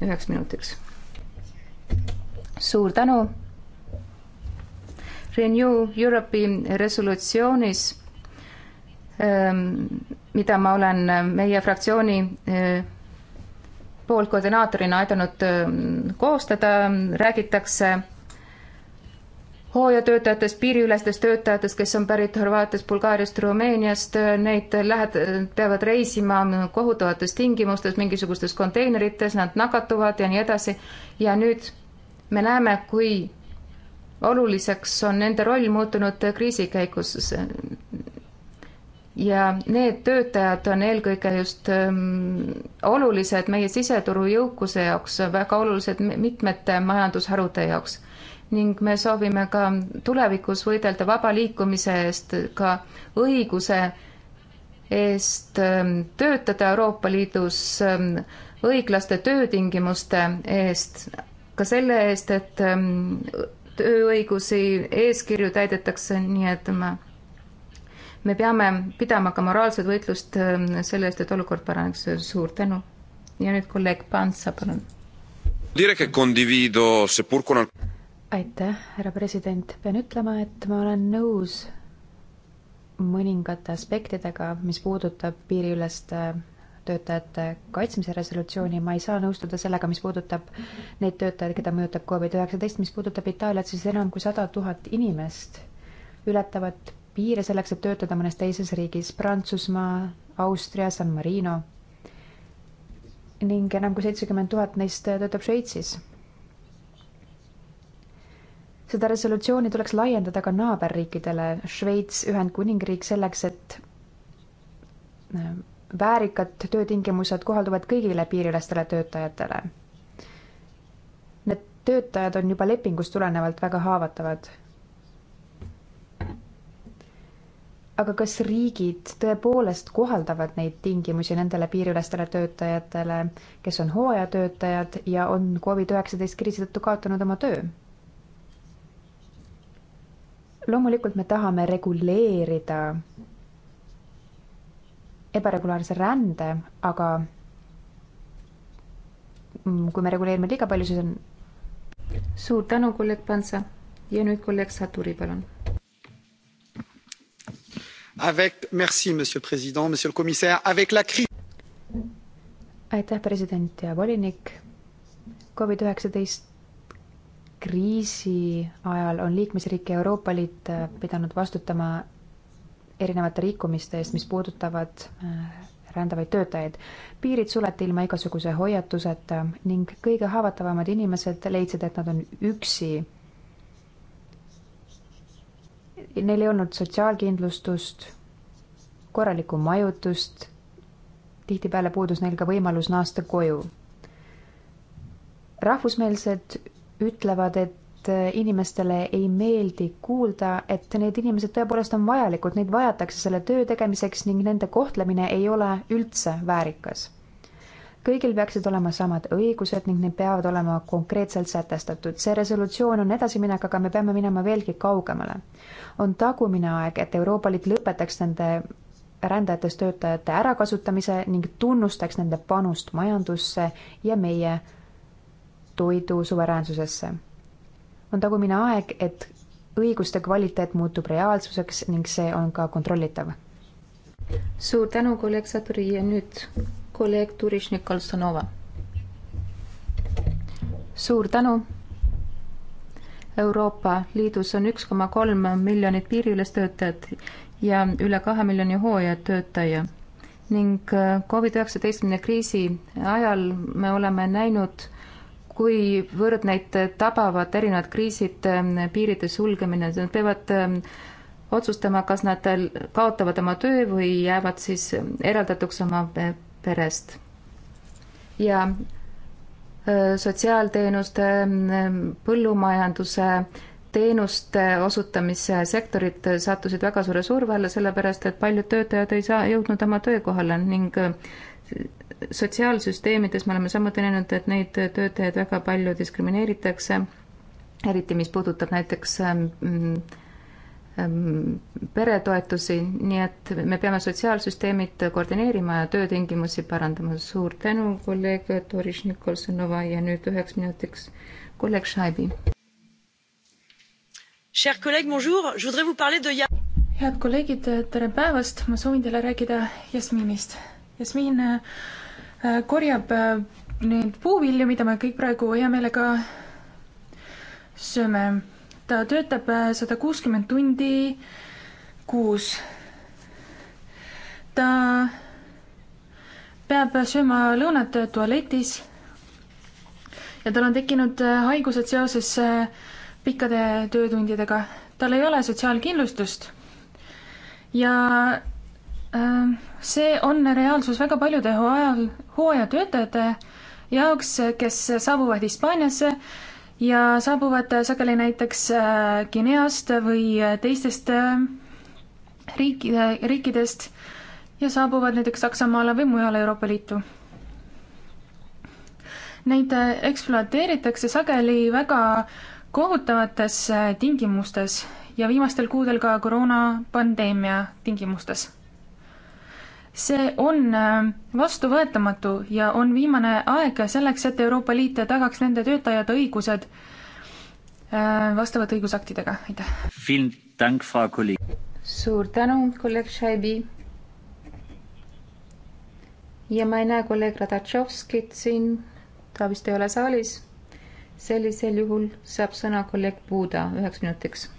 üheks minutiks. suur tänu Renew Europe'i resolutsioonis, ähm, mida ma olen meie fraktsiooni äh, poolt koordinaatorina aidanud ähm, koostada, räägitakse hooajatöötajatest, piiriülestest töötajatest, kes on pärit Horvaatiast, Bulgaariast, Rumeeniast, äh, neid lähed-, peavad reisima kohutavates tingimustes, mingisugustes konteinerites, nad nakatuvad ja nii edasi. ja nüüd me näeme, kui oluliseks on nende roll muutunud kriisi käigus ja need töötajad on eelkõige just ähm, olulised meie siseturu jõukuse jaoks, väga olulised mitmete majandusharude jaoks. ning me soovime ka tulevikus võidelda vaba liikumise eest, ka õiguse eest ähm, töötada Euroopa Liidus, ähm, õiglaste töötingimuste eest, ka selle eest, et tööõigusi, eeskirju täidetakse, nii et ma, me peame pidama ka moraalset võitlust ähm, selle eest, et olukord paraneks. suur tänu. ja nüüd kolleeg Pantsa, palun. aitäh, härra president. pean ütlema, et ma olen nõus mõningate aspektidega, mis puudutab piiriüleste äh, töötajate kaitsmise resolutsiooni, ma ei saa nõustuda sellega, mis puudutab neid töötajaid, keda mõjutab Covid-19, mis puudutab Itaaliat, siis enam kui sada tuhat inimest ületavad piire selleks, et töötada mõnes teises riigis, Prantsusmaa, Austria, San Marino. ning enam kui seitsekümmend tuhat neist töötab Šveitsis seda resolutsiooni tuleks laiendada ka naaberriikidele, Šveits, Ühendkuningriik, selleks et väärikad töötingimused kohalduvad kõigile piiriülestele töötajatele. Need töötajad on juba lepingust tulenevalt väga haavatavad. aga kas riigid tõepoolest kohaldavad neid tingimusi nendele piiriülestele töötajatele, kes on hooajatöötajad ja on Covid-19 kriisi tõttu kaotanud oma töö? loomulikult me tahame reguleerida ebaregulaarse rände, aga mm, kui me reguleerime liiga palju, siis on. suur tänu, kolleeg Pansa ja nüüd kolleeg Saturi, palun. Avec, merci, monsieur president, monsieur le commissaire, avec la crise. aitäh, president ja volinik. Covid üheksateist kriisi ajal on liikmesriik ja Euroopa Liit pidanud vastutama erinevate rikkumiste eest, mis puudutavad äh, rändavaid töötajaid. piirid suleti ilma igasuguse hoiatuseta ning kõige haavatavamad inimesed leidsid, et nad on üksi. Neil ei olnud sotsiaalkindlustust, korralikku majutust, tihtipeale puudus neil ka võimalus naasta koju. rahvusmeelsed ütlevad, et et äh, inimestele ei meeldi kuulda, et need inimesed tõepoolest on vajalikud, neid vajatakse selle töö tegemiseks ning nende kohtlemine ei ole üldse väärikas. kõigil peaksid olema samad õigused ning need peavad olema konkreetselt sätestatud. see resolutsioon on edasiminek, aga me peame minema veelgi kaugemale. on tagumine aeg, et Euroopa Liit lõpetaks nende rändajatest töötajate ärakasutamise ning tunnustaks nende panust majandusse ja meie toidu suveräänsusesse on tagumine aeg, et õiguste kvaliteet muutub reaalsuseks ning see on ka kontrollitav. suur tänu, kolleeg Saturi ja nüüd kolleeg Turišnik Kalstanova. suur tänu. Euroopa Liidus on üks koma kolm miljonit piiriülest töötajat ja üle kahe miljoni hooajatöötaja ning äh, Covid-19 kriisi ajal me oleme näinud kuivõrd neid tabavad erinevad kriisid, ähm, piiride sulgemine, nad peavad ähm, otsustama, kas nad äh, kaotavad oma töö või jäävad siis ähm, eraldatuks oma äh, perest. ja äh, sotsiaalteenuste, põllumajanduse, teenuste osutamise sektorid sattusid väga suure surve alla, sellepärast et paljud töötajad ei saa, jõudnud oma töökohale ning sotsiaalsüsteemides me oleme samuti näinud, et neid töötajaid väga palju diskrimineeritakse, eriti mis puudutab näiteks mm, peretoetusi, nii et me peame sotsiaalsüsteemid koordineerima ja töötingimusi parandama. suur tänu, kolleeg Doris Nikolsonova ja nüüd üheks minutiks kolleeg Šaibi. head kolleegid, tere päevast, ma soovin teile rääkida Jasminist. Jasmin äh, Äh, korjab äh, neid puuvilju, mida me kõik praegu hea meelega sööme. ta töötab äh, sada kuuskümmend tundi kuus. ta peab sööma lõunat tualetis ja tal on tekkinud haigused seoses pikkade töötundidega. tal ei ole sotsiaalkindlustust ja Ähm, see on reaalsus väga paljude hooajal, hooajatöötajate jaoks, kes saabuvad Hispaaniasse ja saabuvad sageli näiteks äh, Guineast või äh, teistest äh, riikide, riikidest ja saabuvad näiteks Saksamaale või mujale Euroopa Liitu. Neid ekspluateeritakse sageli väga kohutavates tingimustes ja viimastel kuudel ka koroonapandeemia tingimustes see on äh, vastuvõetamatu ja on viimane aeg selleks, et Euroopa Liit tagaks nende töötajate õigused äh, vastavate õigusaktidega, aitäh. suur tänu, kolleeg Šaibi. ja ma ei näe kolleeg Radatšovskit siin, ta vist ei ole saalis. sellisel juhul saab sõna kolleeg Puuda üheks minutiks